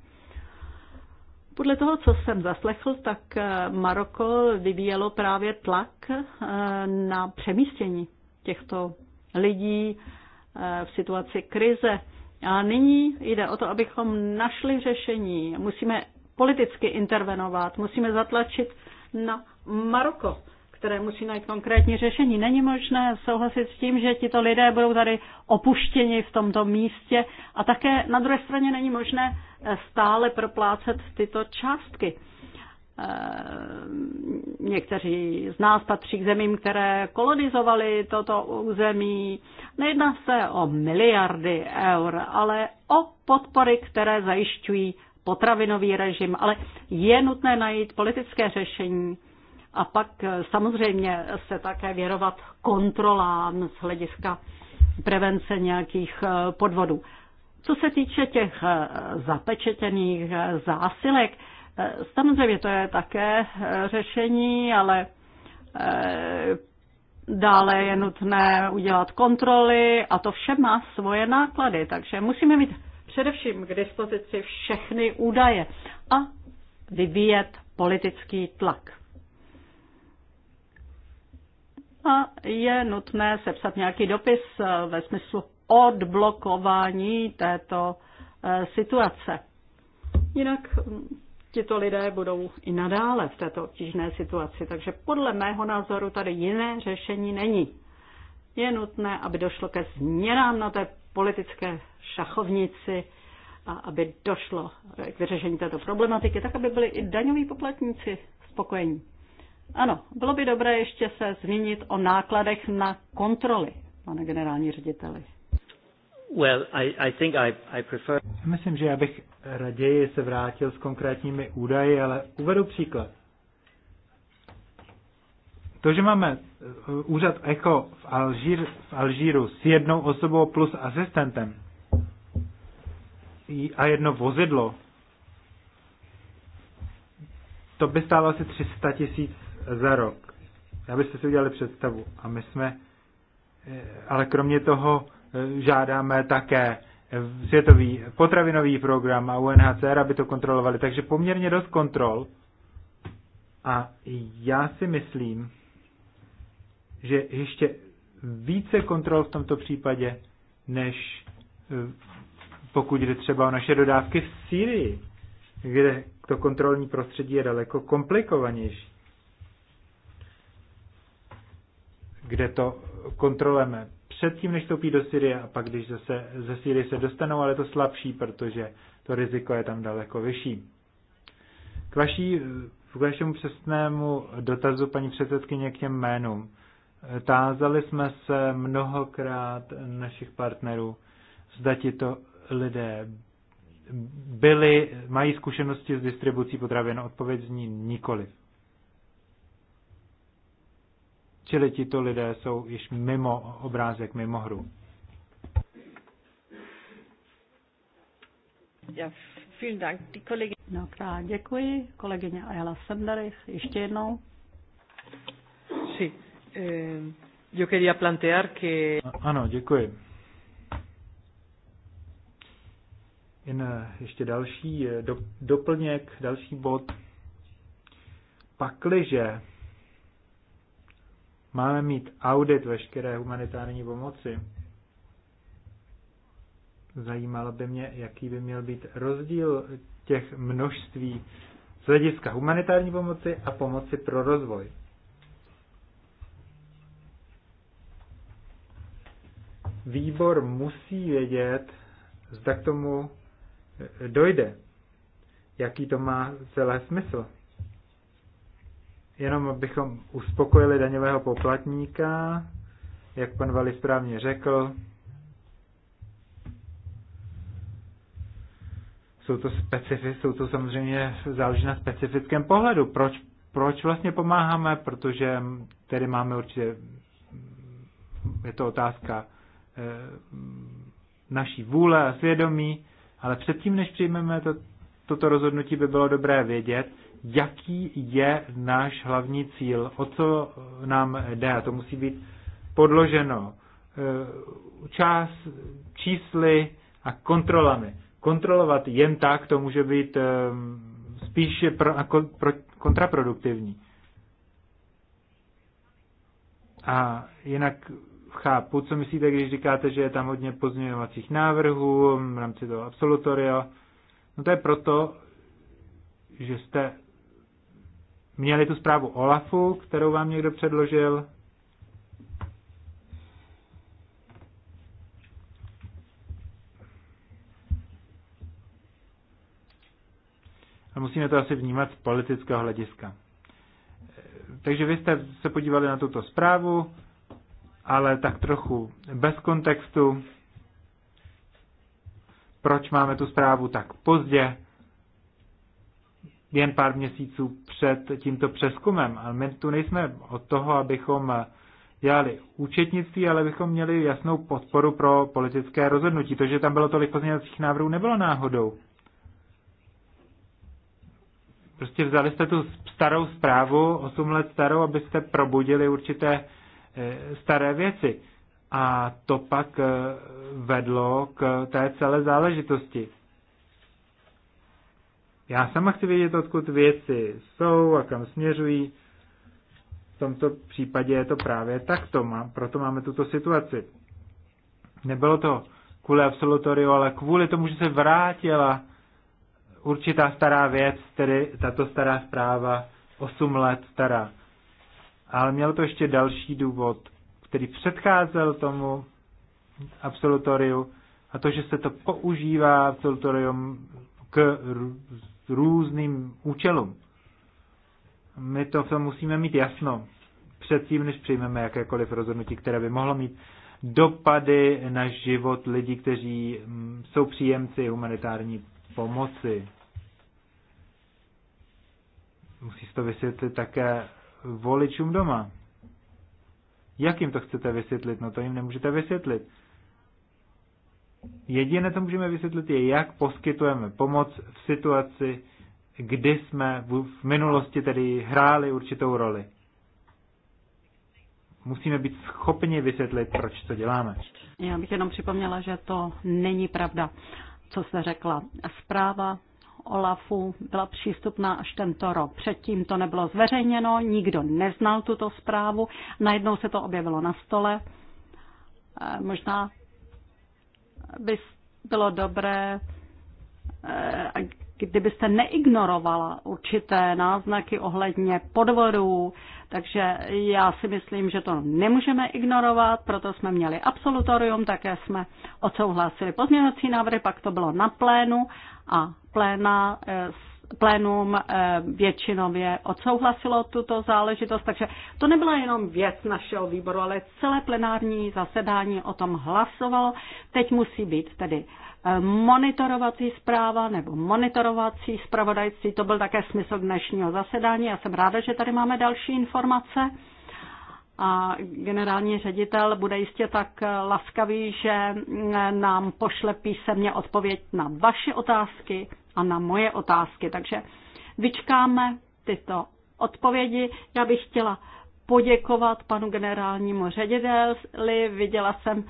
A: Podle toho, co jsem zaslechl, tak eh, Maroko vyvíjelo právě tlak eh, na přemístění těchto lidí eh, v situaci krize. A nyní jde o to, abychom našli řešení. Musíme politicky intervenovat, musíme zatlačit na Maroko které musí najít konkrétní řešení. Není možné souhlasit s tím, že tito lidé budou tady opuštěni v tomto místě a také na druhé straně není možné eh, stále proplácet tyto částky. Eh, někteří z nás patří k zemím, které kolonizovali toto území. Nejedná se o miliardy eur, ale o podpory, které zajišťují potravinový režim. Ale je nutné najít politické řešení a pak eh, samozřejmě se také věnovat kontrolám z hlediska prevence nějakých eh, podvodů. Co se týče těch eh, zapečetěných zásilek, samozřejmě to je také řešení, ale dále je nutné udělat kontroly a to vše má svoje náklady, takže musíme mít především k dispozici všechny údaje a vyvíjet politický tlak a je nutné sepsat nějaký dopis eh, ve smyslu odblokování této eh, situace. Jinak hm, tito lidé budou i nadále v této obtížné situaci, takže podle mého názoru tady jiné řešení není. Je nutné, aby došlo ke změnám na té politické šachovnici a aby došlo k vyřešení této problematiky, tak aby byli i daňoví poplatníci spokojení. Ano, bylo by dobré ještě se zmínit o nákladech na kontroly, pane generální řediteli. Well, I, I
B: think I, I prefer... Myslím, že já bych raději se vrátil s konkrétními údaji, ale uvedu příklad. To, že máme eh, úřad ECHO v, Alžír, v Alžíru s jednou osobou plus asistentem a jedno vozidlo, to by stálo asi 300 tisíc za rok, abyste si udělali představu. A my jsme, eh, ale kromě toho eh, žádáme také světový potravinový program a UNHCR, aby to kontrolovali. Takže poměrně dost kontrol. A já si myslím, že ještě více kontrol v tomto případě, než eh, pokud jde třeba o naše dodávky v Sýrii, kde to kontrolní prostředí je daleko komplikovanější. kde to kontrolujeme předtím, než vstoupí do Syrie a pak, když zase ze Syrie se dostanou, ale to slabší, protože to riziko je tam daleko vyšší. K, vaší, k vašemu přesnému dotazu, paní předsedkyně, k těm jménům. Tázali jsme se mnohokrát našich partnerů, zda ti to lidé byli, mají zkušenosti s distribucí potravin. Odpověď zní nikoliv. Čili tito lidé jsou již mimo obrázek, mimo hru.
A: Ja, vielen Dank, die Kollegin. No, klar, děkuji. Kolegyně Ayala Senderich, ještě jednou.
B: Sí. Eh, yo quería plantear que... Ano, děkuji. Jen eh, ještě další eh, do, doplněk, další bod. Pakliže Máme mít audit veškeré humanitární pomoci. Zajímalo by mě, jaký by měl být rozdíl těch množství z hlediska humanitární pomoci a pomoci pro rozvoj. Výbor musí vědět, zda k tomu dojde, jaký to má celé smysl jenom abychom uspokojili daňového poplatníka, jak pan Vali správně řekl, jsou to, specifi, jsou to samozřejmě záleží na specifickém pohledu. Proč, proč vlastně pomáháme? Protože tedy máme určitě, je to otázka e, naší vůle a svědomí, ale předtím, než přijmeme to, toto rozhodnutí, by bylo dobré vědět, jaký je náš hlavní cíl, o co nám jde. to musí být podloženo eh, čas, čísly a kontrolami. Kontrolovat jen tak, to může být eh, spíše kontraproduktivní. A jinak chápu, co myslíte, když říkáte, že je tam hodně pozměňovacích návrhů v rámci toho absolutoria. No to je proto, že jste Měli tu zprávu OLAFu, kterou vám někdo předložil. A musíme to asi vnímat z politického hlediska. Takže vy jste se podívali na tuto zprávu, ale tak trochu bez kontextu, proč máme tu zprávu tak pozdě jen pár měsíců před tímto přeskumem. A my tu nejsme od toho, abychom dělali účetnictví, ale bychom měli jasnou podporu pro politické rozhodnutí. To, že tam bylo tolik pozměňovacích návrhů, nebylo náhodou. Prostě vzali jste tu starou zprávu, 8 let starou, abyste probudili určité e, staré věci. A to pak e, vedlo k té celé záležitosti. Já sama chci vědět, odkud věci jsou a kam směřují. V tomto případě je to právě takto, má, proto máme tuto situaci. Nebylo to kvůli absolutoriu, ale kvůli tomu, že se vrátila určitá stará věc, tedy tato stará zpráva, 8 let stará. Ale mělo to ještě další důvod, který předcházel tomu absolutoriu, a to, že se to používá absolutorium k různým účelům. My to v tom musíme mít jasno předtím, než přijmeme jakékoliv rozhodnutí, které by mohlo mít dopady na život lidí, kteří mm, jsou příjemci humanitární pomoci. Musí to vysvětlit také voličům doma. Jak jim to chcete vysvětlit? No to jim nemůžete vysvětlit. Jediné, co můžeme vysvětlit, je, jak poskytujeme pomoc v situaci, kdy jsme v minulosti tedy hráli určitou roli. Musíme být schopni vysvětlit, proč to děláme.
A: Já bych jenom připomněla, že to není pravda, co jste řekla. Zpráva OLAFu byla přístupná až tento rok. Předtím to nebylo zveřejněno, nikdo neznal tuto zprávu, najednou se to objevilo na stole. Eh, možná by bylo dobré, eh, kdybyste neignorovala určité náznaky ohledně podvodů, takže já si myslím, že to nemůžeme ignorovat, proto jsme měli absolutorium, také jsme odsouhlasili pozměňovací návrhy, pak to bylo na plénu a pléna eh, plénum eh, většinově odsouhlasilo tuto záležitost, takže to nebyla jenom věc našeho výboru, ale celé plenární zasedání o tom hlasovalo. Teď musí být tedy eh, monitorovací zpráva nebo monitorovací zpravodajství. To byl také smysl dnešního zasedání. Já jsem ráda, že tady máme další informace. A generální ředitel bude jistě tak eh, laskavý, že mm, nám pošle písemně odpověď na vaše otázky a na moje otázky. Takže vyčkáme tyto odpovědi. Já bych chtěla poděkovat panu generálnímu řediteli. Viděla jsem,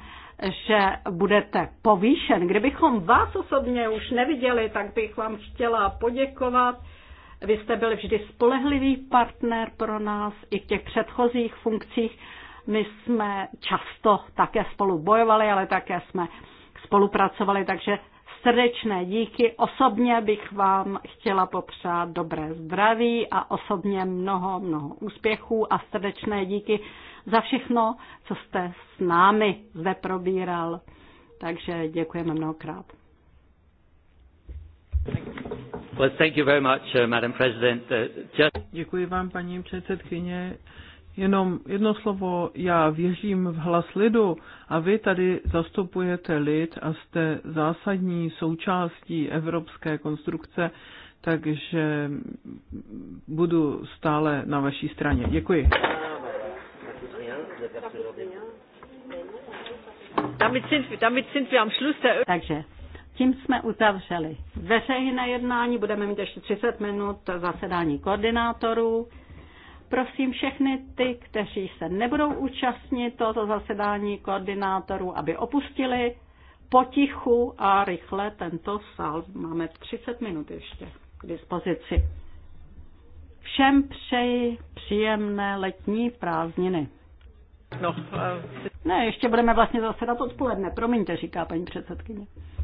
A: že budete povýšen. Kdybychom vás osobně už neviděli, tak bych vám chtěla poděkovat. Vy jste byl vždy spolehlivý partner pro nás i v těch předchozích funkcích. My jsme často také spolu bojovali, ale také jsme spolupracovali, takže srdečné díky. Osobně bych vám chtěla popřát dobré zdraví a osobně mnoho, mnoho úspěchů a srdečné díky za všechno, co jste s námi zde probíral. Takže děkujeme mnohokrát.
C: Uh, uh,
E: Děkuji vám, paní předsedkyně. Jenom jedno slovo, já věřím v hlas lidu a vy tady zastupujete lid a jste zásadní součástí evropské konstrukce, takže
C: budu stále na vaší straně. Děkuji.
A: Takže tím jsme uzavřeli veřejné jednání, budeme mít ještě 30 minut zasedání koordinátorů. Prosím všechny ty, kteří se nebudou účastnit tohoto zasedání koordinátorů, aby opustili potichu a rychle tento sál. Máme 30 minut ještě k dispozici. Všem přeji příjemné letní prázdniny. No, eh, Ne, ještě budeme vlastně zasedat odpoledne. Promiňte, říká paní předsedkyně.